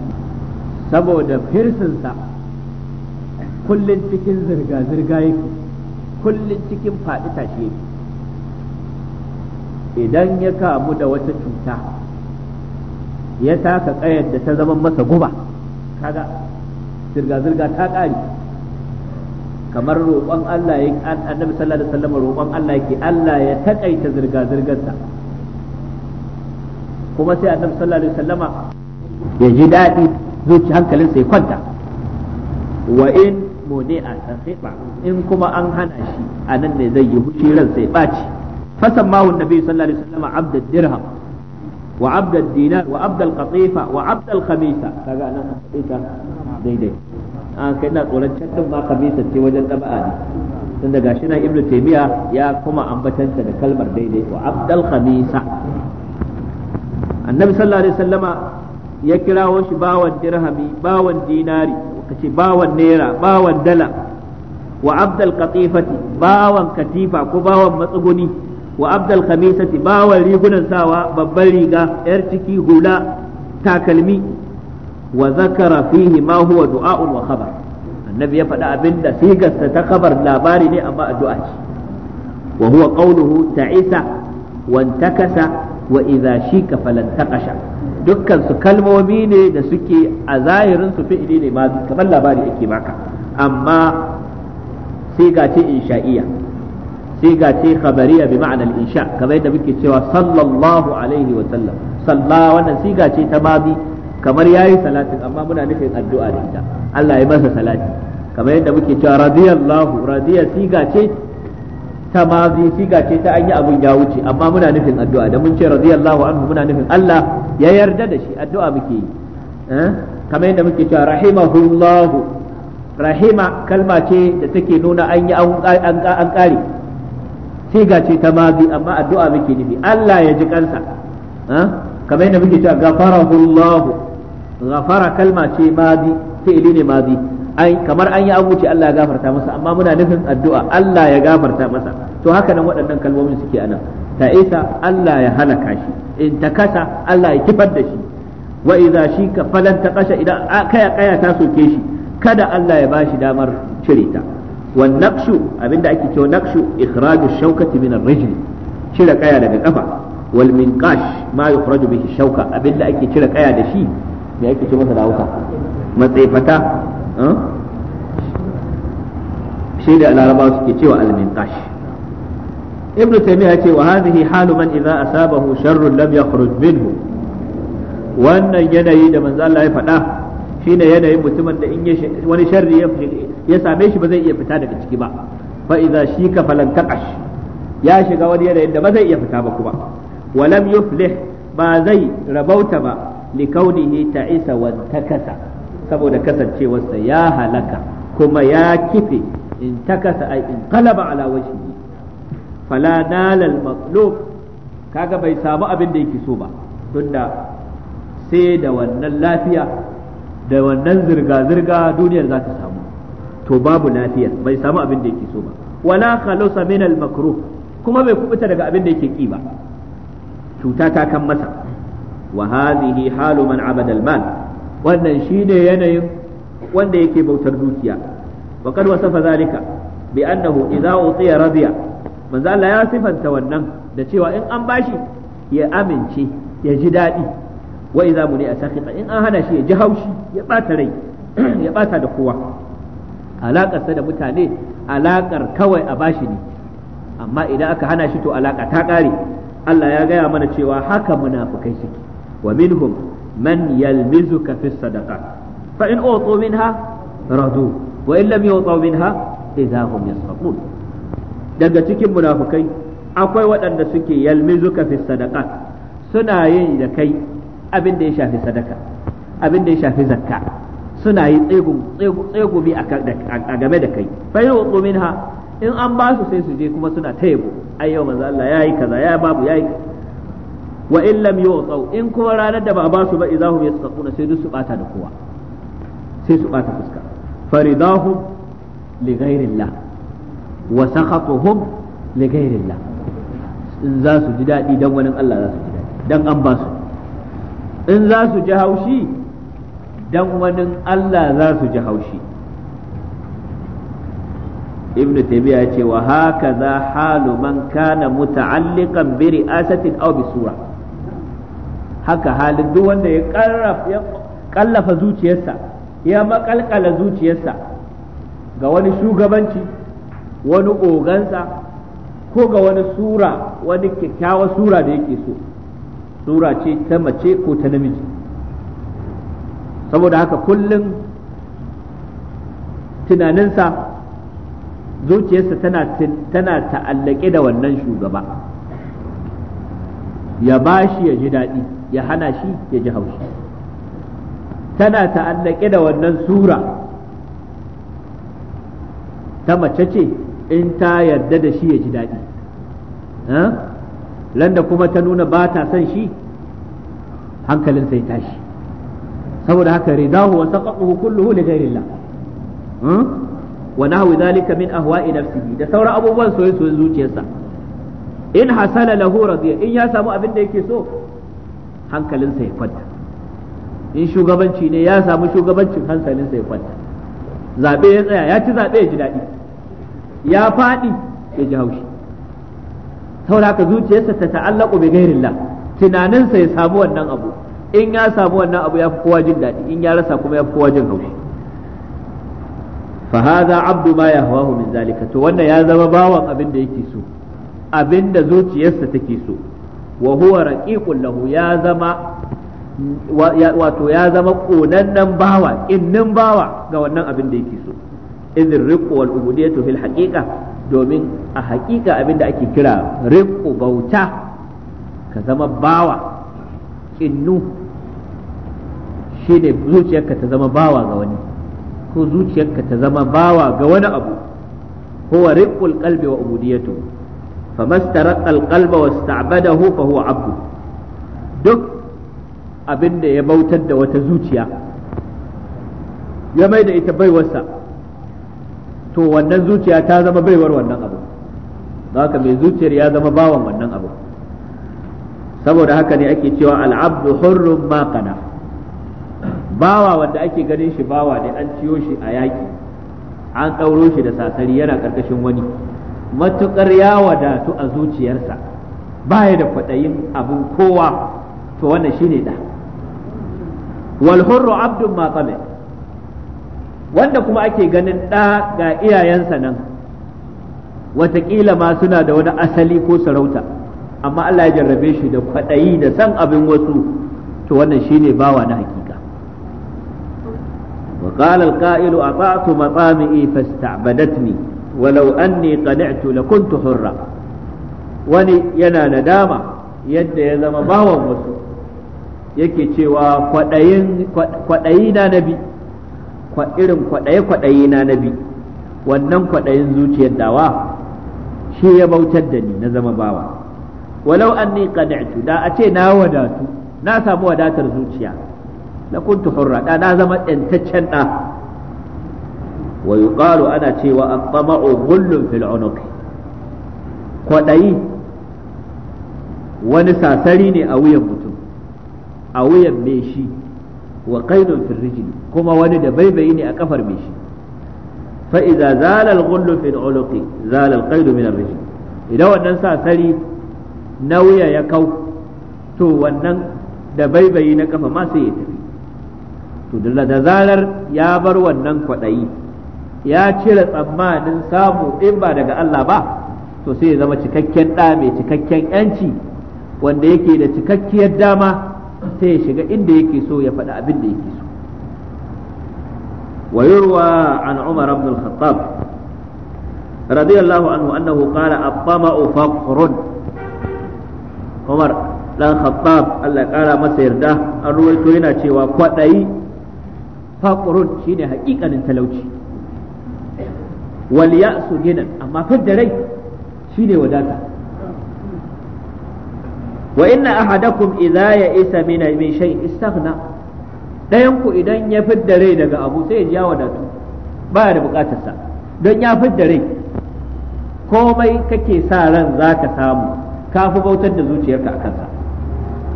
saboda firsinsa kullun cikin zirga-zirga yake kullun cikin faɗi tashi yake idan ya kamu da wata cuta ya taka kayar da ta zama masa guba kaga zirga zirga ta kare kamar roƙon Allah ya annabi sallallahu alaihi wasallam roƙon Allah yake Allah ya takaita zirga zirgarsa kuma sai annabi sallallahu alaihi wasallama ya ji daɗi zuci hankalinsa sai kwanta wa in mudi'a tasiba in kuma an hana shi anan ne zai yi hushi ran sai baci mawun annabi sallallahu alaihi wasallama abdad dirham wa abdal dinar wa abdal qatifa wa abdal khamisa wajen daba'a ne ibnu taymiya ya kuma da kalmar daidai annabi ya kirawo shi bawan dinari naira bawan dala katifa ko bawan matsuguni wa abdal khamisati bawan rigunan sawa babban riga yar ciki hula takalmi wa zakara fihi ma huwa du'a'un wa khabar annabi ya faɗi abinda sigarsa ta khabar labari ne amma addu'a ce wa huwa qawluhu ta'isa wa intakasa wa idza shika falan taqasha dukkan su kalmomi ne da suke a zahirin su fi'ili ne ma kamar labari ake baka amma siga ce insha'iyya siga ce khabariya bi ma'ana al-insha kamar yadda muke cewa sallallahu alaihi wa sallam salla wannan siga ce ta babi kamar yayi salatin amma muna nufin addu'a da ita Allah ya masa salati kamar yadda muke cewa radiyallahu radiya siga ce ta mazi siga ce ta an yi abun ya wuce amma muna nufin addu'a da mun ce radiyallahu anhu muna nufin Allah ya yarda da shi addu'a muke yi eh? kamar yadda muke cewa rahimahullahu rahima kalma ce da take nuna an yi an kare siga ce ta mabi amma addu'a muke nufi Allah ya ji kansa kamar yadda muke cewa ghafarahu Allah kalma ce mabi fi'ili ne mabi ai kamar an yi abu ce Allah ya gafarta masa amma muna nufin addu'a Allah ya gafarta masa to haka nan waɗannan kalmomin suke anan ta isa Allah ya halaka shi in ta kasa Allah ya kifar da shi wa idza shi ka falan ta kasha idan kaya kaya ta soke shi kada Allah ya bashi damar cire ta wan naqshu abinda ake cewa naqshu ikhraju shawkati min ar cire kaya daga kafa wal minqash ma yukhraju bihi shawka abinda ake cire kaya da shi me ake ce masa da hausa matsaifata eh? shi da suke cewa al minqash ibn taymiya ce wa hadhihi halu man idza asabahu sharrun lam wannan yanayi da manzo Allah ya faɗa shine yanayin mutumin da in wani sharri ya same shi ba zai iya fita daga ciki ba fa idza shika falan taqash ya shiga wani yanayin da ba zai iya fita ba kuma walam yuflih ba zai rabauta ba ta ta'isa wa takasa saboda kasancewarsa ya halaka kuma ya kife in takasa ai in qalaba ala wajhihi fala nala al maqlub kaga bai samu abin da yake so ba tunda sai da wannan lafiya da wannan zirga-zirga duniyar za ta samu to babu lafiya bai samu abin da yake so ba wala khalusa min al makruh kuma bai kubuta daga abin da yake ki ba cuta ta kan masa wa hadhihi halu man abada al mal wannan shine yanayin wanda yake bautar dukiya wa kad wasafa zalika bi annahu idza utiya radiya manzo Allah ya sifanta wannan da cewa in an bashi ya amince ya ji daɗi wa idza muni a sakhita in an hana shi ya ji haushi ya bata rai *clears throat* ya bata da kowa alakar sa da mutane alakar kawai a bashi ne amma idan aka hana shi to alaka ta kare Allah ya gaya mana cewa haka munafukai suke wa minhum man yalmizuka fi sadaqat fa in utu minha radu wa in lam yutu minha idza hum yasfaqun daga cikin munafukai akwai waɗanda suke yalmizuka fi sadaqat suna yin da kai abin da ya shafi sadaka abin da ya shafi zakka suna yi tsegumi a game da kai fa yi wa minha in an ba su sai su je kuma suna ta yabo ai yau manzo Allah yayi kaza ya babu yayi wa in lam yu'tau in kuma ranar da ba a ba su ba idahum yasquna sai duk su bata da kowa sai su bata fuska faridahum li ghairillah wa sakhatuhum li ghairillah in za su ji dadi dan wani Allah za su ji dadi dan an ba su in za su ji haushi dan wani Allah za su ji haushi ibn taymiya ce wa haka za halu man kana muta'alliqan bi ri'asatin aw bi sura haka halin duk wanda ya karrafa ya kallafa zuciyarsa ya makalkala zuciyarsa ga wani shugabanci wani ogansa ko ga wani sura wani kyakkyawar sura da yake so sura ce ta mace ko ta namiji saboda haka kullum tunaninsa zuciyarsa tana tana ta'allake da wannan shugaba ya ba shi ya ji daɗi ya hana shi ya ji haushi tana ta'allake da wannan sura ta mace ce in ta yarda da shi ya ji daɗi landa kuma ta nuna ba ta son shi hankalin sai tashi saboda haka ridahu wa saqahu kulluhu li ghairillah hmm? wa nahwi dhalika min ahwa'i nafsihi da sauran abubuwan soyayya soyayya zuciyarsa in hasala lahu radiya in ya samu abin da yake so hankalinsa ya kwanta in shugabanci ne ya samu shugabancin hankalinsa ya kwanta zabe ya tsaya ya ci zabe ya ji daɗi ya faɗi ya ji haushi saboda haka zuciyarsa ta ta'allaku bi ghairillah tunaninsa ya samu wannan abu in ya samu wannan abu ya fi kowa jin daɗi in ya rasa kuma ya fi kowa jin haushi fa hadha abdu ma yahwahu min zalika to wannan ya zama bawan abin da yake so abin da zuciyarsa take so wa huwa raqiqun lahu ya zama wato ya zama konannen bawa innin bawa ga wannan abin da yake so idin riqu wal ubudiyatu fil haqiqa domin a haƙiƙa abin da ake kira rinku bauta ka zama bawa kinnu shi ne zuciyarka ta zama bawa ga wani ko zuciyarka ta zama bawa ga wani abu huwa riqqul qalbi wa ubudiyatu famastaraqa alqalba wasta'badahu fa huwa abdu duk abinda ya bautar da wata zuciya ya mai da ita baiwarsa to wannan zuciya ta zama baiwar wannan abu ka mai zuciyar ya zama bawan wannan abu saboda haka ne ake cewa al'abdu hurrun makana bawa wanda ake ganin shi bawa ne an ciyo shi a yaƙi an ɗauro shi da sasari yana ƙarƙashin wani matuƙar ya wadatu a zuciyarsa baya da kwaɗayin abin kowa to wannan shine da wal abdun maqame wanda kuma ake ganin ɗa ga iyayensa nan watakila ma suna da wani asali ko sarauta amma Allah ya jarrabe shi da kwaɗayi da san abin wasu to wannan shine bawa na hakika wa qala al-qa'ilu ata'tu matami'i fasta'badatni walau anni qani'tu lakuntu hurra wani yana nadama yadda ya zama bawan wasu yake cewa kwaɗayi na nabi irin kwaɗaye-kwaɗaye na nabi wannan kwaɗayin zuciyar dawa shi ya bautar da ni na zama bawa walau ni qani'tu da a ce na wadatu na samu wadatar zuciya Na kuntu hurra da na zama tsantaccen da wa yuqalu ana cewa at-tama'u ghullun fil kwaɗayi wani sasari ne a wuyan mutum a wuyan mai shi wa qainun fil kuma wani da baibayi ne a kafar mai shi fa idza zala al fi al zala al-qaid min ar idan wannan sasari na wuya ya kau to wannan da baibayi na kafa ma sai ya tafi to da zarar ya bar wannan kwadayi ya cire tsammanin samu in ba daga Allah ba to sai ya zama cikakken ɗa mai cikakken yanci wanda yake da cikakkiyar dama sai ya shiga inda yake so ya faɗi abin da yake so ويروى عن عمر بن الخطاب رضي الله عنه أنه قال الطمأ فقر عمر لن خطاب قال لك قال ما سيرده الروي كوينة شوى قطعي فقر شيني حقيقة انتلوشي واليأس جنا أما في الدري شيني وداتا وإن أحدكم إذا يئس من شيء استغنى ɗayan ku idan ya fidda rai daga abu sai ya ji ya wadatu ya da bukatar sa don ya fidda rai komai kake sa ran za zaka samu ka fi bautar da zuciyarka a kansa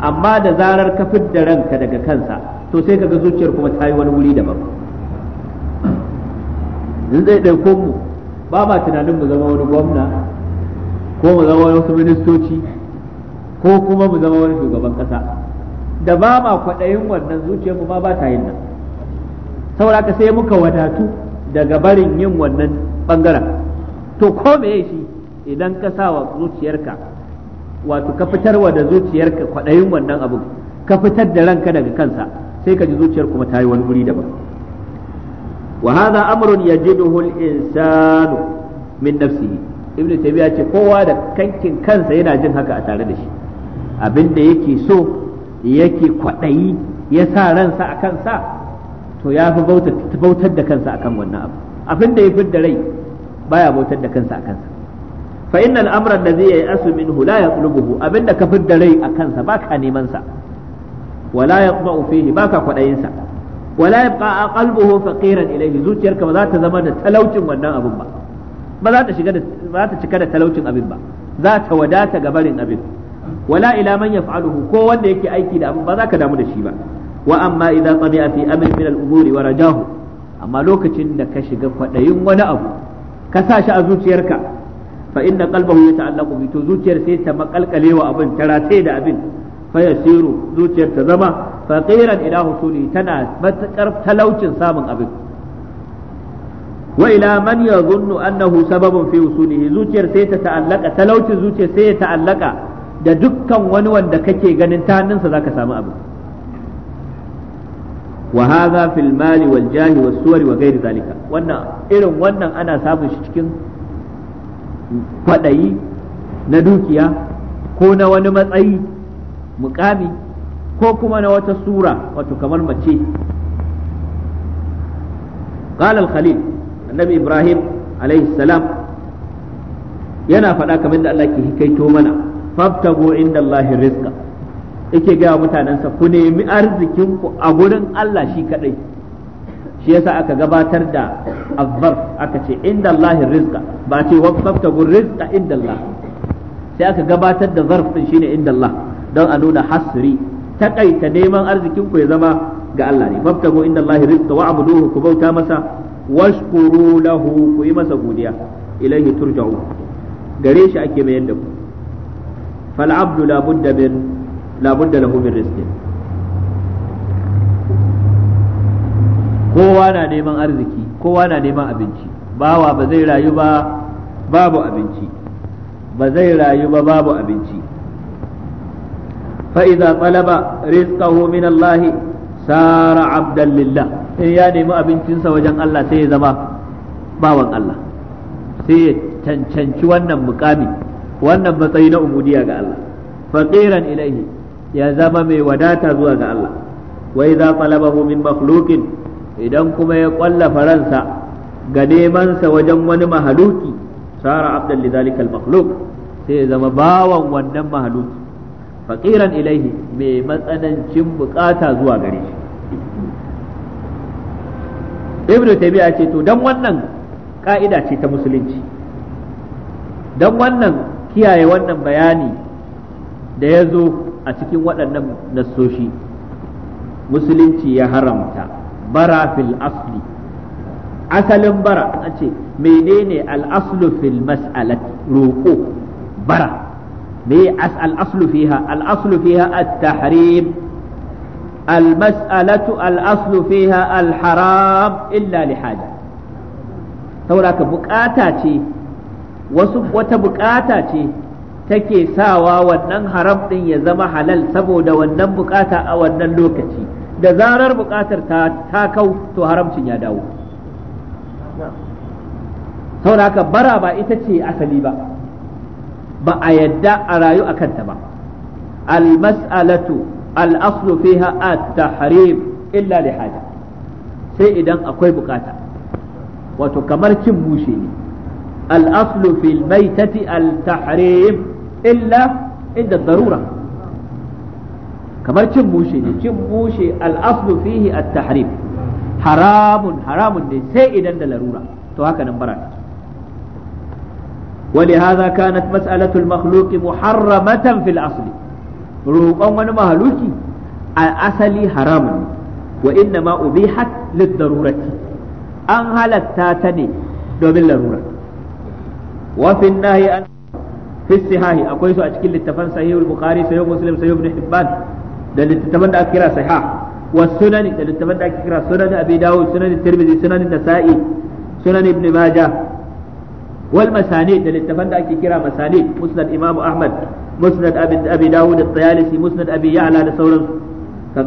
amma da zarar ka fidda ranka daga kansa to sai ka ga zuciyar kuma ta yi wani wuri daban yanzu zai ba ma tunanin mu zama wani gwamna ko mu zama wasu ministoci ko kuma mu zama wani shugaban ƙasa da ba ma kwaɗayin wannan zuciyar mu ma ba ta yin nan saboda ka sai muka wadatu daga barin yin wannan bangaren to ko shi idan ka sa wa zuciyarka wato ka fitar wa da zuciyarka kwaɗayin wannan abu ka fitar da ranka daga kansa sai ka ji zuciyar kuma ta yi wani wuri daban wa hadha amrun yajiduhu al-insanu min nafsihi ibnu taymiya ce kowa da kankin kansa yana jin haka a tare da shi abin da yake so yake kwaɗayi ya sa ransa a kansa to ya fi bautar da kansa kan wannan abu abin da ya fi da rai baya bautar da kansa a kansa fa inna zai allazi ya'asu minhu la abin da ka fi da rai a kansa baka neman sa wala yaqba'u ba ka kwaɗayin sa wala a qalbuhu faqiran ilayhi zuciyarka ba za ta zama da talaucin wannan abin ba ba za ta shiga da ba za ta cika da talaucin abin ba za ta wadata gabarin abin wala ila man yaf'aluhu ko wanda yake aiki da abin ba za ka damu da shi ba wa amma idza tami'a fi amrin min al-umuri amma lokacin da ka shiga kwadayin wani abu ka sa shi a zuciyarka fa inna qalbahu yata'allaqu bi to zuciyar sai ta makalkalewa abin ta rataye da abin fa yasiru zuciyar ta zama faqiran ila husuli tana matakar talaucin samun abin zuciyar ta ta'allaka zuciyar sai ya ta'allaka da dukkan wani wanda kake ganin ta hannunsa zaka samu abu wa hadha mali wal jahi was suwari wa zalika wannan irin wannan ana samun shi cikin fadayi na dukiya ko na wani matsayi mukami ko kuma na wata sura wato kamar mace قال الخليل النبي Ibrahim عليه السلام yana faɗa kamar da Allah ke hikaito mana fabtago inda Allah rizqa yake gaya mutanensa ku nemi arzikinku a gurin Allah shi kadai shi yasa aka gabatar da azzar aka ce inda Allah rizqa ba ce fabtago rizqa inda Allah sai aka gabatar da zarf din shine inda Allah don a nuna hasri takaita neman arzikinku ya zama ga Allah ne fabtago inda Allah rizqa wa'buduhu ku bauta masa washkuru lahu ku yi masa godiya ilaihi turja'u gare shi ake mayar da ku fal abdu la budda min la budda lahu min kowa na neman arziki kowa na neman abinci bawa ba zai rayu ba babu abinci ba zai rayu ba babu abinci Fa'iza طلب رزقه من الله صار عبدا لله in ya nemi abincinsa wajen Allah sai ya zama bawan Allah sai ya cancanci wannan mukamin. wannan matsayi na umudiya ga Allah faqiran ilaihi ya zama mai wadata zuwa ga Allah wa idza talabahu min makhluqin idan kuma ya ƙwallafa ransa ga neman sa wajen wani mahaluki sara abdan lidhalika al sai ya zama bawan wannan mahaluki faqiran ilaihi mai matsanancin bukata zuwa gare shi ibn taymiya ce to dan wannan ka'ida ce ta musulunci dan wannan kiyaye wannan bayani da ya zo a cikin waɗannan nassoshi musulunci ya haramta bara fil asli asalin bara a ce menene al'aslu fil mas'alat roƙo bara me al'aslu fiha al'aslu fiha at-tahrim al-mas'alatu al'aslu fiha al-haram illa li haja saboda ka bukata ce wasu wata bukata ce take sawa wannan haram din ya zama halal saboda wannan bukata a wannan lokaci da zarar bukatar ta ta kau to haramcin ya dawo saboda haka bara ba ita ce asali ba ba a yadda a rayu a kanta ba almas'alatu al'aslu fiha at-tahrim illa li sai idan akwai bukata wato kamar cin bushe ne الأصل في الميتة التحريم إلا عند الضرورة kamar cin mushe ne cin mushe al'aslu fihi at-tahrim haramun haramun ne sai idan da larura to haka nan bara wali hadha kanat mas'alatu al-makhluq muharramatan fil asli roƙon wani mahaluki a asali haramun wa inna ma ubihat lid-darurati an halatta ta ne domin larura wa fi nahyi an fi sihahi akwai su a cikin littafan sahihul bukhari sahih muslim sahih ibn hibban da littafan da aka kira sahih wa sunani da littafan da aka kira sunan abi dawud sunan tirmidhi nasa'i sunan ibn majah wal da littafan da ake kira masanid musnad imam ahmad musnad abi dawud at-tayalisi musnad abi ya'la ka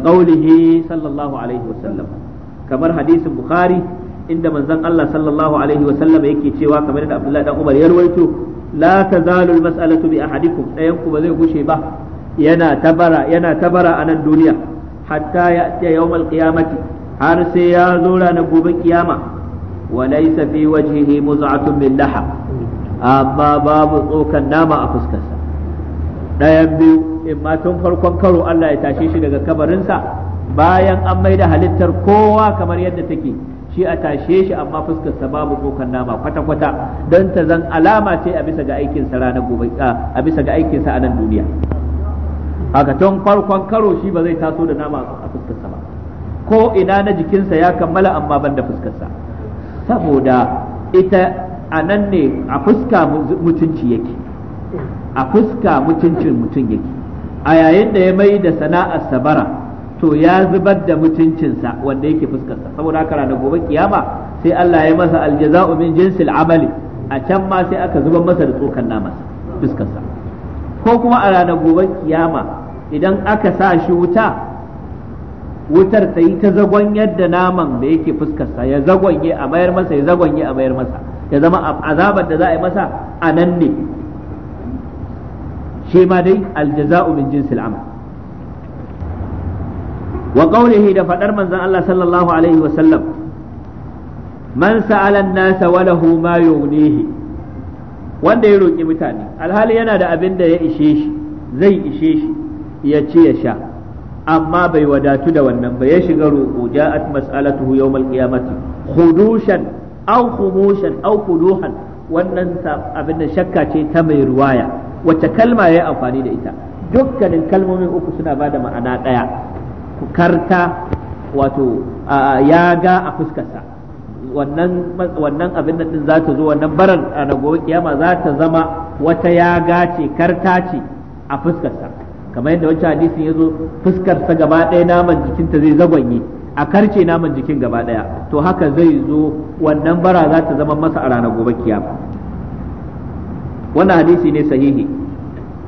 sallallahu kamar hadisin bukhari inda manzon Allah sallallahu alaihi wa sallam yake cewa kamar da Abdullahi dan Umar ya rawaito la tazalu almas'alatu bi ahadikum dayan ku ba zai gushe ba yana tabara yana tabara a nan duniya hatta ya'tiya yawmal qiyamati har sai ya zo ranar gobe kiyama wa laysa fi wajhihi muz'atun min laha amma babu tsokan nama a fuskarsa ɗayan biyu in ma tun farkon karo Allah ya tashe shi daga kabarinsa bayan an maida halittar kowa kamar yadda take shi a tashe shi amma fuskarsa babu kokan nama kwata-kwata don ta zan alama ce a bisa ga aikinsa ranar gobe a bisa ga sa a nan duniya haka tun farkon karo shi ba zai taso da nama a fuskarsa ba ko ina na jikinsa ya kammala amma ban da fuskarsa saboda ita a nan ne a fuska mutunci yake a fuska mutuncin mutun yake a yayin da ya mai da sana'ar sabara to ya zubar da mutuncinsa wanda yake fuskarsa saboda haka ranar gobe kiyama sai Allah ya masa aljaza'u min jinsil amali a can ma sai aka zubar masa da tsokan nama fuskarsa ko kuma a ranar gobe kiyama idan aka sa shi wuta wutar ta yi ta zagon yadda naman da yake fuskarsa ya zagonye a mayar masa ya zagonye a mayar masa ya zama azabar da za a yi masa a nan ne shi ma dai aljaza'u min jinsil amali wa qawlihi da fadar manzon Allah sallallahu alaihi wa sallam man sa'ala an-nasa wa lahu ma yughnihi wanda ya roki mutane alhali yana da abin da ya ishe shi zai ishe shi ya ci ya sha amma bai wadatu da wannan ba ya shiga roƙo ja'at mas'alatuhu yawmal qiyamati khudushan aw khumushan aw kuduhan wannan abin da shakka ce ta mai ruwaya wacce kalma yayi amfani da ita dukkanin kalmomin uku suna ba da ma'ana ɗaya karta wato ya ga a fuskarsa wannan abin da din za zo wannan baran a gobe kiyama za zama wata yaga ce karta ce a fuskarsa kamar yadda wancan hadisin ya zo fuskarsa gaba ɗaya naman jikinta zai zagwanye a karce naman jikin gaba ɗaya to haka zai zo wannan bara za ta zama masa a ranar gobe kiyama wannan hadisi ne sahihi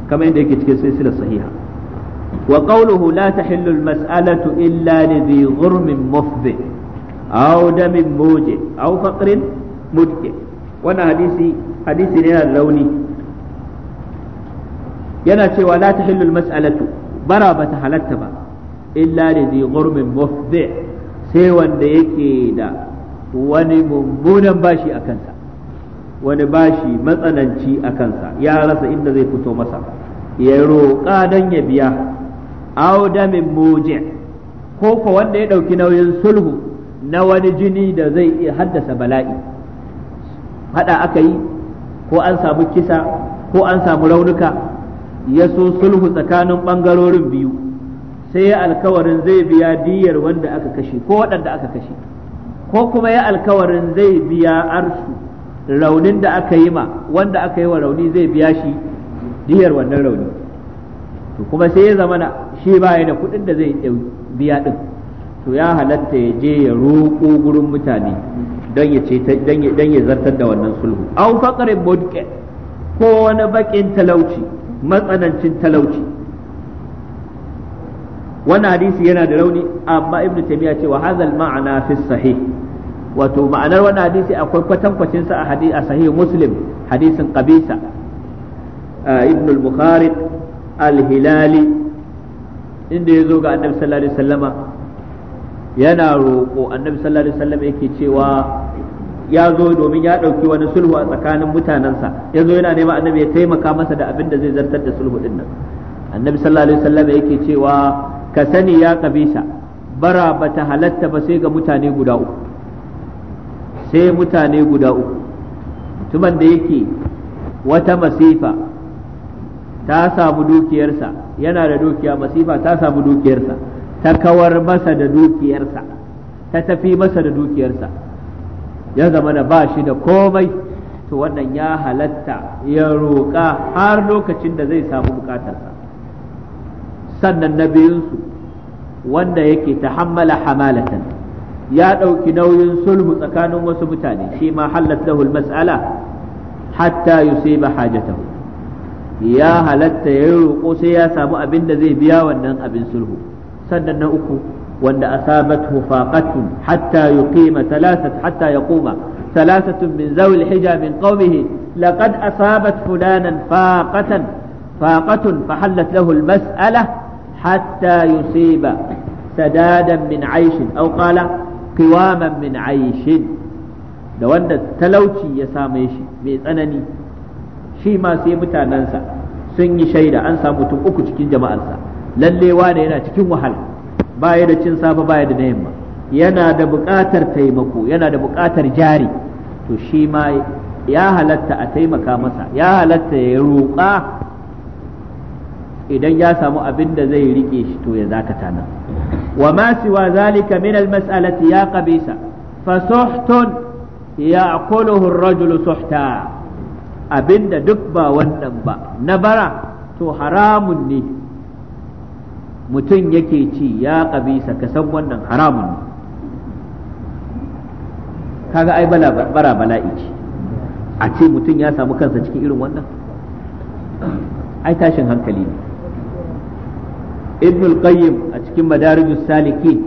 kamar yadda yake cikin silsilar sahiha وقوله لا تحل المسألة إلا لذي غرم مفضع أو دم موجع أو فقر مدكع وانا حديثي حديثي لنا اللوني yana cewa la ta hillul mas'alatu bara ba ta halatta ba illa da gurmin sai wanda yake da wani mummunan bashi a kansa wani bashi matsananci a kansa ya rasa inda zai fito masa ya roƙa don ya biya aw damin muji ko ko wanda ya dauki nauyin sulhu na wani jini da zai iya haddasa bala'i hada aka yi ko an samu kisa ko an samu raunuka ya so sulhu tsakanin bangarorin biyu sai ya alkawarin zai biya diyar wanda aka kashe ko waɗanda aka kashe ko kuma ya alkawarin zai biya arsu raunin da aka yi ma wanda aka yi wa rauni zai biya shi diyar wannan rauni to kuma sai ya zamana shi baya da kuɗin da zai biya ɗin. to ya halatta ya je ya roƙo gurin mutane don ya ce don ya zartar da wannan sulhu au faqrin mudke ko wani bakin talauci matsanancin talauci wannan hadisi yana da rauni amma ibn taymiya ce wa hadhal ma'ana fi sahih wato ma'anar wannan hadisi akwai kwatankwacin sa a hadisi sahih muslim hadisin qabisa eh, ibn al-bukhari alhilali inda ya zo ga annabi sallallahu alaihi wasallama yana roƙo annabi sallallahu alaihi wasallama yake cewa ya zo domin ya ɗauki wani sulhu a tsakanin mutanensa ya zo yana neman annabi ya taimaka masa da abin da zai zartar da sulhu dinnan nan annabi sallallahu alaihi wasallama yake cewa ka sani ya kabisa bara bata halatta ba sai ga mutane guda uku sai mutane guda uku mutumin da yake wata masifa ta samu dukiyarsa yana da dukiya masifa ta samu dukiyarsa ta kawar masa da dukiyarsa ta tafi masa da dukiyarsa ya zama da ba shi da komai to wannan ya halatta ya roƙa har lokacin da zai samu bukatarsa sannan na biyunsu wanda yake ta hammala hamalatan ya ɗauki nauyin sulhu tsakanin wasu mutane shi ma halatta mas'ala hatta yusiba hajatahu ya halatta ya roƙo sai ya samu abin da zai biya wannan abin sulhu sannan na uku wanda asabatu faqatun hatta yuqima thalathat hatta yaquma thalathatun min zawi al min qawmihi laqad asabat fulanan faqatan faqatun fahallat lahu al-mas'ala hatta yusiba sadadan min 'ayshin aw qala qiwaman min 'ayshin da wanda talauci ya same shi mai tsanani shi ma sai mutanensa sun yi shaida an samu mutum uku cikin jama'arsa lalle wane yana cikin wahala baya da cin safe baya da na yamma yana da buƙatar taimako yana da buƙatar jari to shi ma ya halatta a taimaka masa ya halatta ya roƙa idan ya samu abin da zai rike shi to ya zakata nan wa ma siwa zalika min al mas'alati ya qabisa fa suhtun ya'kuluhu ar-rajulu suhta abinda duk ba wannan ba na bara to haramun ne mutum yake ci ya kabisa ka san wannan haramun ne kaga ai bara bala'i ce a ce mutum ya samu kansa cikin irin wannan ai tashin hankali ne ibnul qayyim a cikin madarijus saliki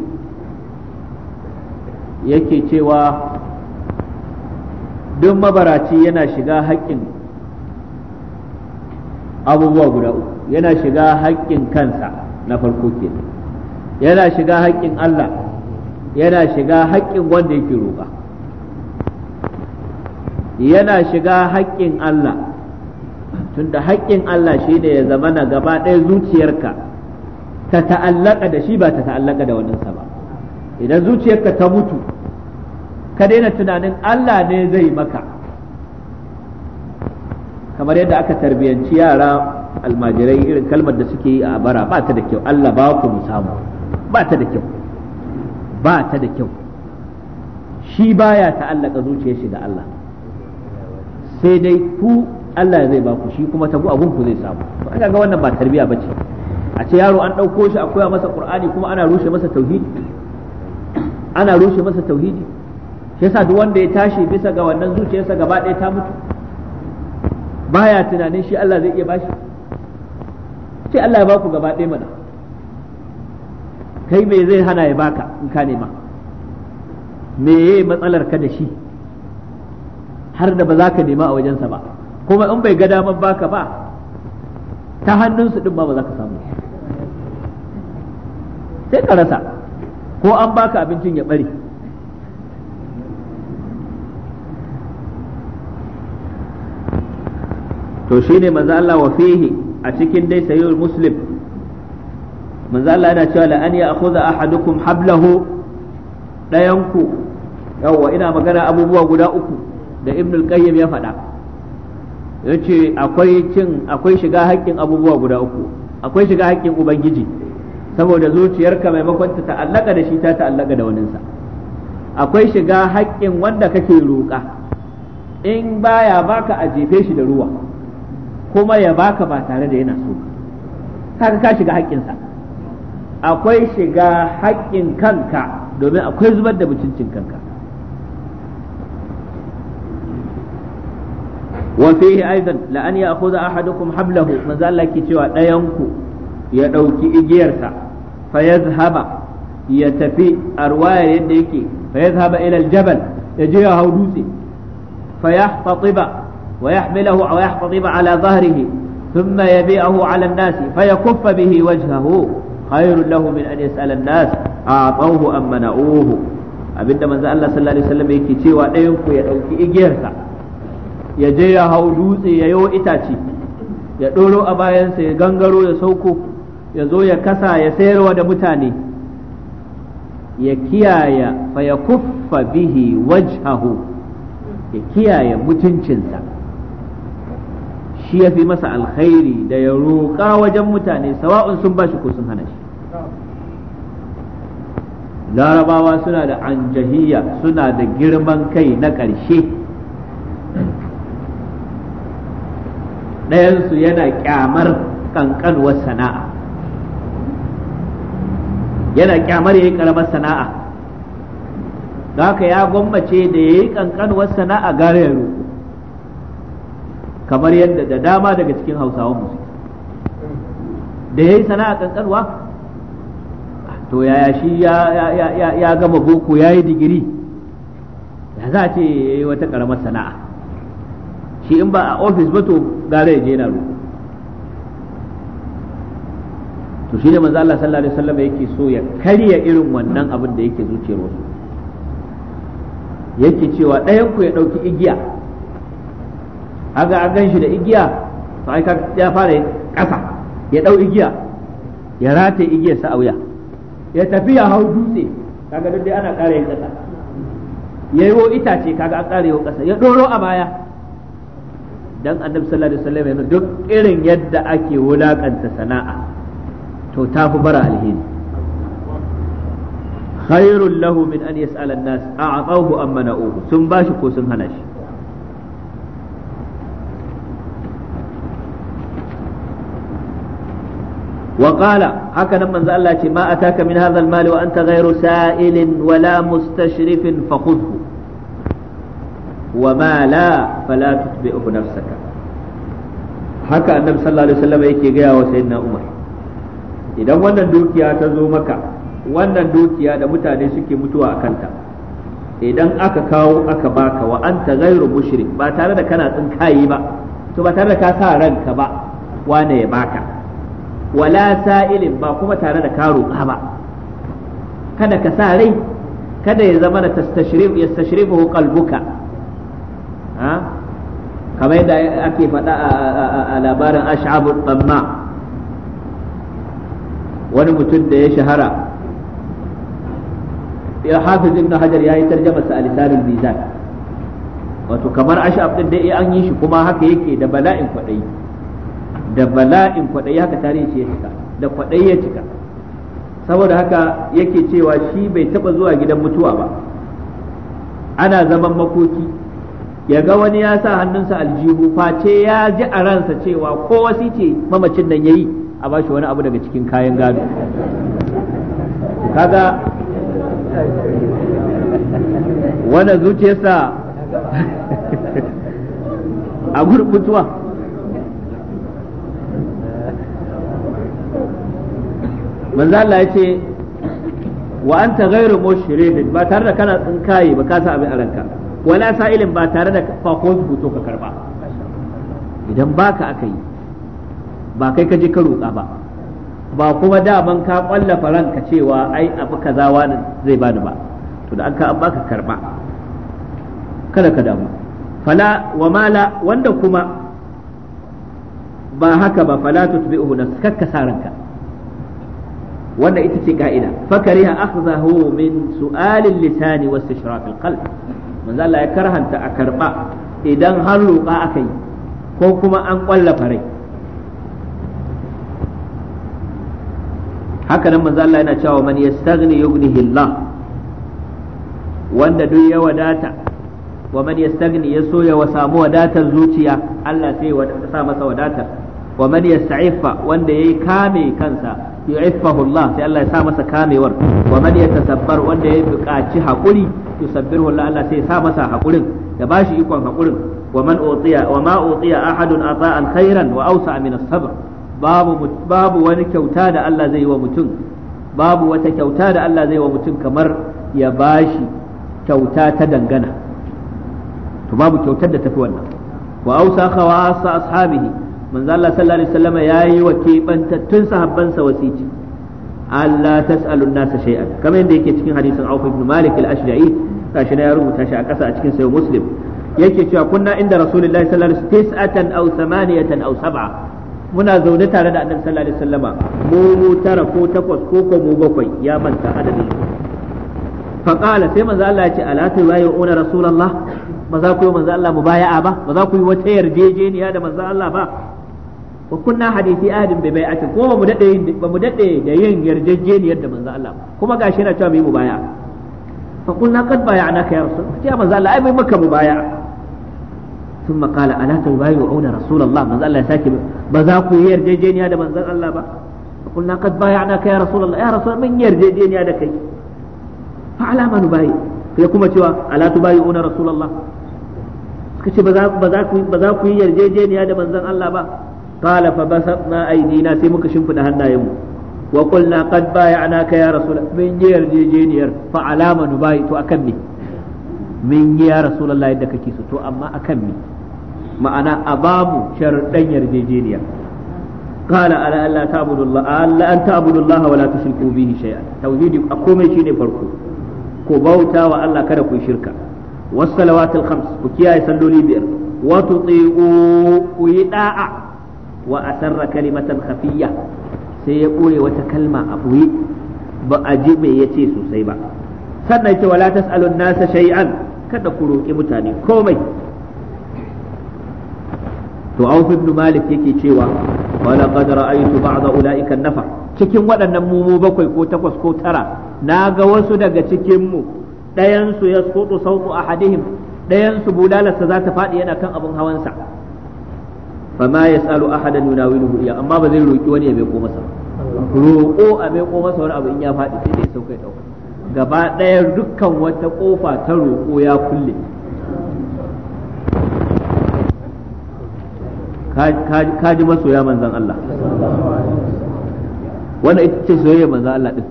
yake cewa duk mabaraci yana shiga haƙƙin abubuwa guda uku yana shiga haƙƙin kansa na farko ke, yana shiga haƙƙin Allah yana shiga haƙƙin wanda yake roƙa yana shiga haƙƙin Allah tunda haƙƙin Allah shi ne ya zama na gaba ɗaya zuciyarka ta ta'allaka da shi ba ta ta'allaka da waninsa ba idan zuciyarka ta mutu ka daina tunanin Allah ne zai maka kamar yadda aka tarbiyanci yara almajirai irin kalmar da suke yi a bara ba ta da kyau Allah ba ku mu samu ba ta da kyau ba ta da kyau shi baya ta'allaka zuciyar shi da Allah sai dai ku Allah zai ba ku shi kuma tabu abun ku zai samu to an ga wannan ba tarbiya bace a ce yaro an ɗauko shi a koya masa qur'ani kuma ana rushe masa tauhidi ana rushe masa tauhidi shi yasa duk wanda ya tashi bisa ga wannan zuciyarsa gaba ɗaya ta mutu baya tunanin shi Allah zai iya bashi sai Allah ya baku gaba ɗaya mana kai me zai hana ya baka in ka nema meye matsalar ka da shi har da ba za ka nema a wajensa ba kuma in bai ga damar baka ba ta hannunsu din ba ba za ka samu sai ka rasa ko an baka abincin ya bari. to ne manzo Allah wa fihi a cikin dai sayyid muslim manzo Allah yana cewa la an ya'khudha ahadukum hablahu dayanku yawa ina magana abubuwa guda uku da ibn al-qayyim ya faɗa yace akwai cin akwai shiga haƙƙin abubuwa guda uku akwai shiga haƙƙin ubangiji saboda zuciyarka maimakon ta ta'allaka da shi ta ta'allaka da waninsa akwai shiga haƙƙin wanda kake roƙa in baya baka a jefe shi da ruwa kuma ya baka ba tare da yana so kaga ka shiga haƙƙinsa akwai shiga haƙƙin kanka domin akwai zubar da mutuncin kanka wa fihi aidan la an ya'khudha ahadukum hablahu manzo Allah ke cewa ɗayanku ya ɗauki igiyarsa fa yazhaba ya tafi arwayar yadda yake fa yazhaba ila aljabal ya je ya hau dutse fa yahtatiba ويحمله أو يحتضب على ظهره ثم يبيعه على الناس فيكف به وجهه خير له من أن يسأل الناس أعطوه أم منعوه abinda manzo Allah sallallahu alaihi wasallam yake cewa ɗayan ya ɗauki igiyarsa ya je ya hau dutse ya yo itace ya ɗoro a bayansa ya gangaro ya sauko ya zo ya kasa ya sayarwa da mutane ya kuffa bihi ya kiyaye mutuncinsa shi ya fi masa alkhairi da ya roƙa wajen mutane sawa'un sun bashi ko sun hana shi larabawa suna da anjahiyya suna da girman kai na ƙarshe ɗayansu yana ƙyamar ƙanƙanwar sana'a yana ƙyamar ya yi ƙaramar sana'a da haka ya gwammace da ya yi ƙanƙanwar sana'a gare ya roƙo kamar yadda da dama daga cikin hausawan musu da ya yayi sana'a kankanwa to yaya shi ya gama boko ya yi digiri ya za a ce ya yi wata karamar sana'a shi in ba a ofis ba to gara ya je na roƙo to shi ne manzo Allah sallallahu alaihi wasallam yake so ya karya irin wannan abin da yake zuciyar wasu yake cewa ɗayan ku ya ɗauki igiya haka an gan shi da igiya to ai ya fara ƙasa ya ɗau igiya ya rataye igiyar sa a wuya ya tafi ya hau dutse kaga duk dai ana ƙara yin ƙasa ya yi itace kaga an ƙara yin ƙasa ya ɗoro a baya dan annabi sallallahu alaihi wasallam duk irin yadda ake wulakanta sana'a to ta fi bara alheri khairul lahu min an yas'ala an-nas a'tahu am mana'uhu sun bashi ko sun hana shi wa hakanan haka nan Allah ce ma ataka min hadha al-mali wa sa'ilin wala mustashrifin fa khudhu wa ma la fala tutbi'hu nafsaka haka annabi sallallahu alaihi wasallam yake gaya wa sayyidina Umar idan wannan dukiya ta zo maka wannan dukiya da mutane suke mutuwa a kanta idan aka kawo aka baka wa anta mushrik ba tare da kana tsinkayi ba to ba tare da ka sa ranka ba wane ya baka wala sa'ilin ba kuma tare da karo roƙa ba kada ka sa rai kada ya zama da tastashrif kalbuka, kamar yadda ake faɗa a labarin ash'abul tsamma wani mutum da ya shahara ya hafiz ibn hajar ya yi tarjama sa lisanin bizan wato kamar ash'ab din dai an yi shi kuma haka yake da bala'in kwaɗayi da bala'in kwaɗayi haka tarihin shi ya cika da kwaɗayi ya cika saboda haka yake cewa shi bai taɓa zuwa gidan mutuwa ba ana zaman makoki ya ga wani ya sa hannunsa aljihu face ya ji a ransa cewa ko wasi ce mamacin nan ya yi a ba shi wani abu daga cikin kayan gado kaga wani zuciyarsa *laughs* a gurbutuwa manzo Allah ya ce wa anta ghairu mushridin ba tare da kana tsinkaye ba ka sa abin a ranka wala sa'ilin ba tare da fakon fito ka karba idan baka aka yi ba kai ka je ka roƙa ba ba kuma daman ka kwallafa ranka cewa ai abu kaza wani zai bani ba to da an ka an baka karba kada ka damu fala wa mala wanda kuma ba haka ba fala tutbi'uhu nafs kakka sa ranka wanda ita ce ka'ida fakariha akhzahu min su'alil lisani wastishrafil qalb manzo Allah ya karhanta a karba idan har roƙa aka yi ko kuma an ƙwallafa rai haka nan manzo Allah yana cewa man yastaghni yughnihi Allah wanda duk ya wadata wa man yastaghni yaso ya wa samu wadatar zuciya Allah sai ya sa masa wadatar wa man yasta'ifa wanda yayi kame kansa yu'iffahu Allah sai Allah ya sa masa kamewar wa man wanda ya buƙaci hakuri yusabbiru Allah Allah sai ya sa masa hakurin ya bashi ikon hakurin wa man utiya wa ma utiya ahadun ata'an khairan wa awsa min as-sabr babu wani kyauta da Allah zai yi wa mutum kamar ya bashi kyauta ta dangana to babu kyautar da wannan wa manzo Allah sallallahu alaihi wasallam yayi wa kebantattun sahabbansa wasici Allah tas'alun nasa shay'an kamar yadda yake cikin hadisin Auf ibn Malik al-Ashja'i tashi na ya rubuta shi a ƙasa a cikin sayo Muslim yake cewa kunna inda Rasulullahi sallallahu alaihi wasallam tis'atan aw thamaniyatan aw sab'a muna zaune tare da Annabi sallallahu alaihi wasallama mu mu tara ko takwas ko ko mu bakwai ya manta adadin fa qala sai manzo Allah ya ce ala tuwayyuna Rasulullah ba za ku yi manzo Allah mubaya'a ba ba za ku yi wata yarjejeniya da manzo ba wa hadisi hadithi ahadin bai bai atin kuma mu dade ba mu dade da yin yarjejeniyar da manzo Allah kuma gashi yana cewa mu yi mubaya fa kunna qad bay'anaka ya rasul ya manzo Allah ai bai maka mubaya ثم قال الا تبايعون رسول الله manzo Allah ya sake ba za ku yi yarjejeniya da manzon Allah ba قلنا قد بايعناك يا رسول الله يا رسول من يرجيني هذا da kai fa نبايع يقوم تشوا الا تبايعون رسول الله kace ba za ku ba za ku ba za ku yi yarjejeniya da manzon Allah ba qala fa basatna aydina sai muka shimfida hannayenmu wa qulna qad bay'anaka ya rasul min yi yarjejeniyar fa alama nubai to akan me min ya rasulullah yadda kake so to amma akan me ma'ana a babu sharuɗan yarjejeniya qala ala alla ta'budullah alla an ta'budullah wa la tushriku bihi shay'an tauhidi a komai shine farko ko bauta wa Allah kada ku shirka wasu salawatul khams ku biyar wa tuti'u wa asarra kalimatan khafiyya sai ya kure wata kalma a buyi ba a ji me yace sosai ba sannan ce wala tas'alun nasa shay'an kada ku roki mutane komai to Auf ibn Malik yake cewa wala qad ra'aytu ba'd ulaika nafa cikin waɗannan mumu bakwai ko takwas ko tara ga wasu daga cikin mu ɗayan su yasqutu sawtu ahadihim ɗayan su bulalarsa za ta faɗi yana kan abin hawansa fa ma yasalu ahadan yunawiluhu iya amma ba zai roki wani ya bai ko masa roko a bai ko masa wani abu in ya faɗi sai dai sauka dauka gaba dukkan wata kofa ta roko ya kulle ka ji masoya manzan Allah wanda ita ce soyayya manzan Allah din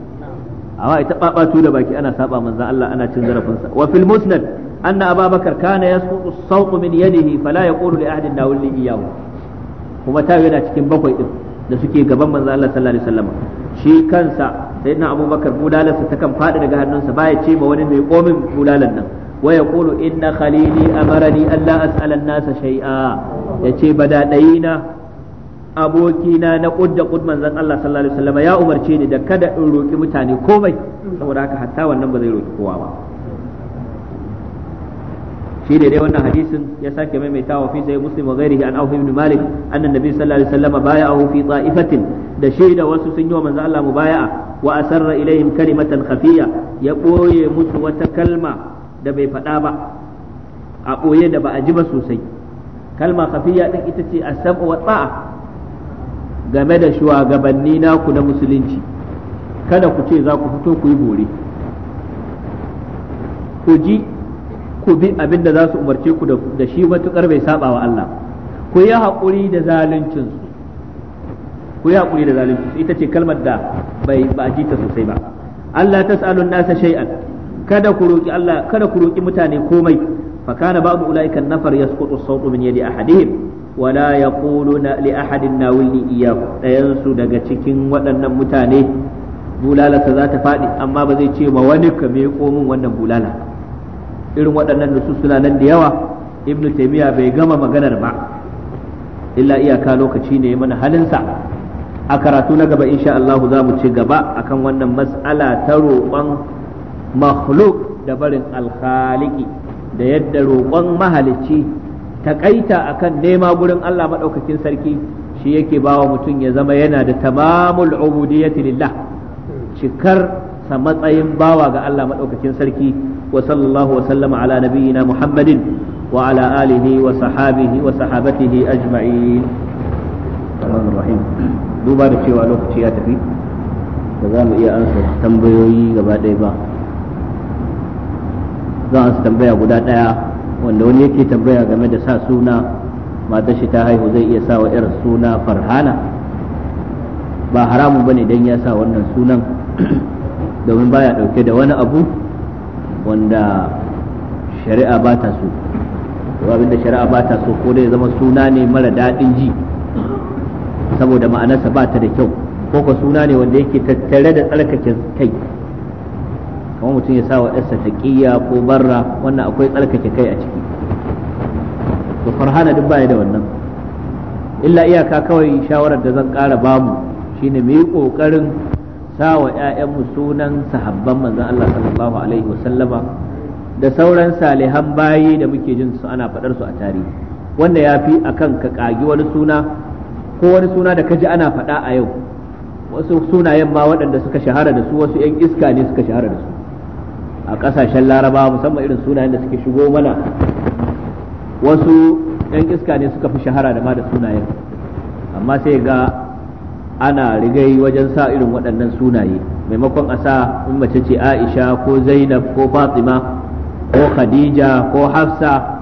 amma ita babatu da baki ana saba manzan Allah ana cin zarafinsa wa fil musnad anna ababakar kana yasqutu as-sawq min ya fala yaqulu li kuma ta yana cikin bakwai din da suke gaban manzo Allah sallallahu alaihi wasallam shi kansa sayyidina abubakar bulalarsa ta kan fadi daga hannunsa baya ce ma wani mai komin bulalan nan wa yaqulu inna khalili amarani alla as'ala an-nasa shay'a yace na abokina na kudda kud manzon Allah sallallahu alaihi wasallam ya umarce ni da kada in roki mutane komai saboda haka hatta wannan ba zai roki kowa ba shi ne dai wannan hadisin ya sake maimaita wa fi sai muslim wa ghairihi an awfi ibn malik anna nabi sallallahu alaihi wasallam a fi ta'ifatin da shi da wasu sun yi wa manzo Allah mubaya'a wa asarra ilaihim kalimatan khafiya ya boye musu wata kalma da bai faɗa ba a boye da ba a ji ba sosai kalma khafiya din ita ce a samu wa ta'a game da shugabanni naku na musulunci kada ku ce za ku fito ku yi bore ku ji ku bi abin da za su umarce ku da shi matuƙar bai saba wa Allah ku yi haƙuri da zaluncin su ku yi haƙuri da zaluncin su ita ce kalmar da bai ba ji ta sosai ba Allah tas'alun nasa shay'an kada ku roki Allah kada ku roki mutane komai fa kana ba'du ulaika nafar yasqutu as-sawtu min yadi ahadihim wala yaquluna li ahadin nawilni iyyahu dayan su daga cikin waɗannan mutane bulalata za ta faɗi amma ba zai ce ma wani ka me min wannan bulala irin waɗannan nusus suna nan da yawa ibnu taymiya bai gama maganar ba illa iyaka lokaci ne mana halinsa a karatu na gaba insha Allah za mu ci gaba akan wannan mas'ala ta roƙon makhluk da barin alkhaliki da yadda roƙon mahalicci takaita akan nema gurin Allah maɗaukakin sarki shi yake bawa mutum ya zama yana da tamamul ubudiyyati lillah cikar sa matsayin bawa ga Allah maɗaukakin sarki وصلى الله وسلم على نبينا محمد وعلى آله وصحابه وصحابته أجمعين الرحمن الرحيم دوبا da cewa lokaci ya tafi ba za mu iya ansa tambaya guda ɗaya wanda wani yake tambaya game da sa suna matar shi ta haihu zai iya sa wa irin suna farhana ba haramun ba ne don ya sa wannan sunan domin baya ɗauke da wani abu wanda shari'a ba ta so da shari'a ba ta so ko dai zama suna ne mara daɗin ji saboda ma'anarsa ba ta da kyau ko ka suna ne wanda yake tattare da tsarkake kai kamar mutum ya sa wa ɗansa ƙiya ko barra wannan akwai tsarkake kai a ciki to farhana duk baya da wannan illa iyaka kawai shawarar da zan ƙara bamu shine mu yi ƙoƙarin sawa ‘ya'yanmu sunan sahabban manzon Allah sallallahu alaihi wasallama da sauran salihan bayi da muke jin su ana faɗar su a tarihi wanda ya fi akan ka ƙagi wani suna ko wani suna da kaji ana faɗa a yau wasu sunayen ma waɗanda suka shahara da su wasu 'yan iska ne suka shahara da su a ƙasashen larabawa musamman irin sunayen da suke shigo mana wasu 'yan iska ne suka fi shahara da ma da sunayen amma sai ga ana rigai wajen sa irin waɗannan sunaye maimakon a sa in mace ce aisha ko zainab ko fatima ko khadija ko hafsa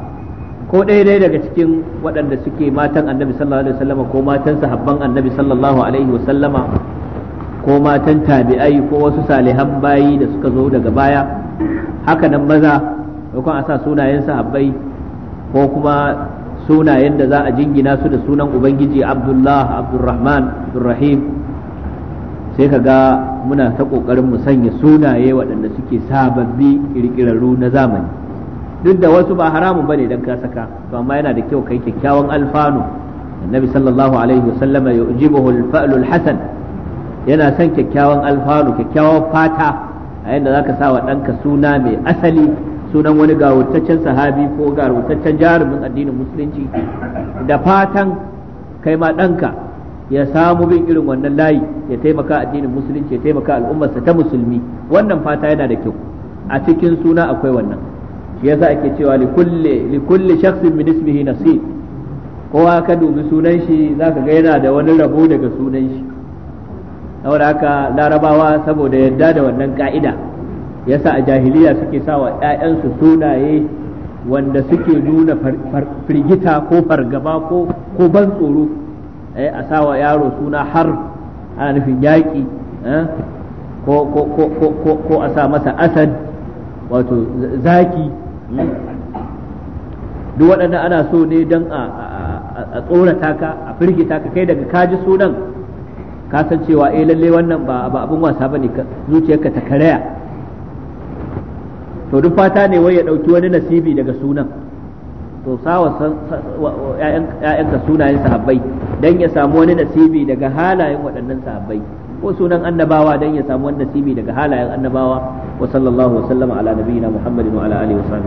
ko ɗaya daga cikin waɗanda suke matan annabi sallallahu alaihi wasallama ko matan sahabban annabi sallallahu alaihi wasallama ko matan tabi'ai ko wasu salihan bayi da suka zo daga baya haka nan maza maimakon a sa sunayen sahabbai ko kuma sunayen da za a jingina su da sunan ubangiji abdullah abdulrahman abdulrahim sai ka ga muna ta ƙoƙarin mu sanya sunaye waɗanda suke sababbi ƙirƙirarru na zamani duk da wasu ba haramun bane dan ka saka to amma yana da kyau kai kyakkyawan alfanu annabi sallallahu alaihi wasallam ya ujibuhu al-fa'lu al-hasan yana son kyakkyawan alfanu kyakkyawan fata a yanda zaka sa wa ɗanka suna mai asali sunan wani gawurtaccen sahabi ko gawurtaccen jarumin addinin musulunci da fatan kai ma ɗanka ya samu bin irin wannan layi ya taimaka addinin musulunci ya taimaka al'ummarsa ta musulmi wannan fata yana da kyau a cikin suna akwai wannan shi yasa ake cewa li kulli li shakhsin min ismihi kowa ka dubi sunan shi zaka ga yana da wani rabo daga sunan shi saboda haka larabawa saboda yadda da wannan ka'ida yasa a jahiliya suke sawa ƴaƴansu sunaye wanda suke nuna firgita ko fargaba ko ban tsoro eh a sawa yaro suna har ana nufin yaƙi eh, ko a sa masa asad wato zaki hmm. duk waɗannan ana so ne don a tsorata ka a firgita ka kai daga kaji sunan kasancewa cewa eh lalle wannan ba abin wasa bane zuciyarka ta karaya to duk fata ne wai ya ɗauki wani nasibi daga sunan to sawa ka sunayen sahabbai don ya samu wani nasibi daga halayen waɗannan sahabbai ko sunan annabawa don ya samu wani nasibi daga halayen annabawa wa sallallahu wa sallama ala nabiyina muhammadin wa ala alihi wa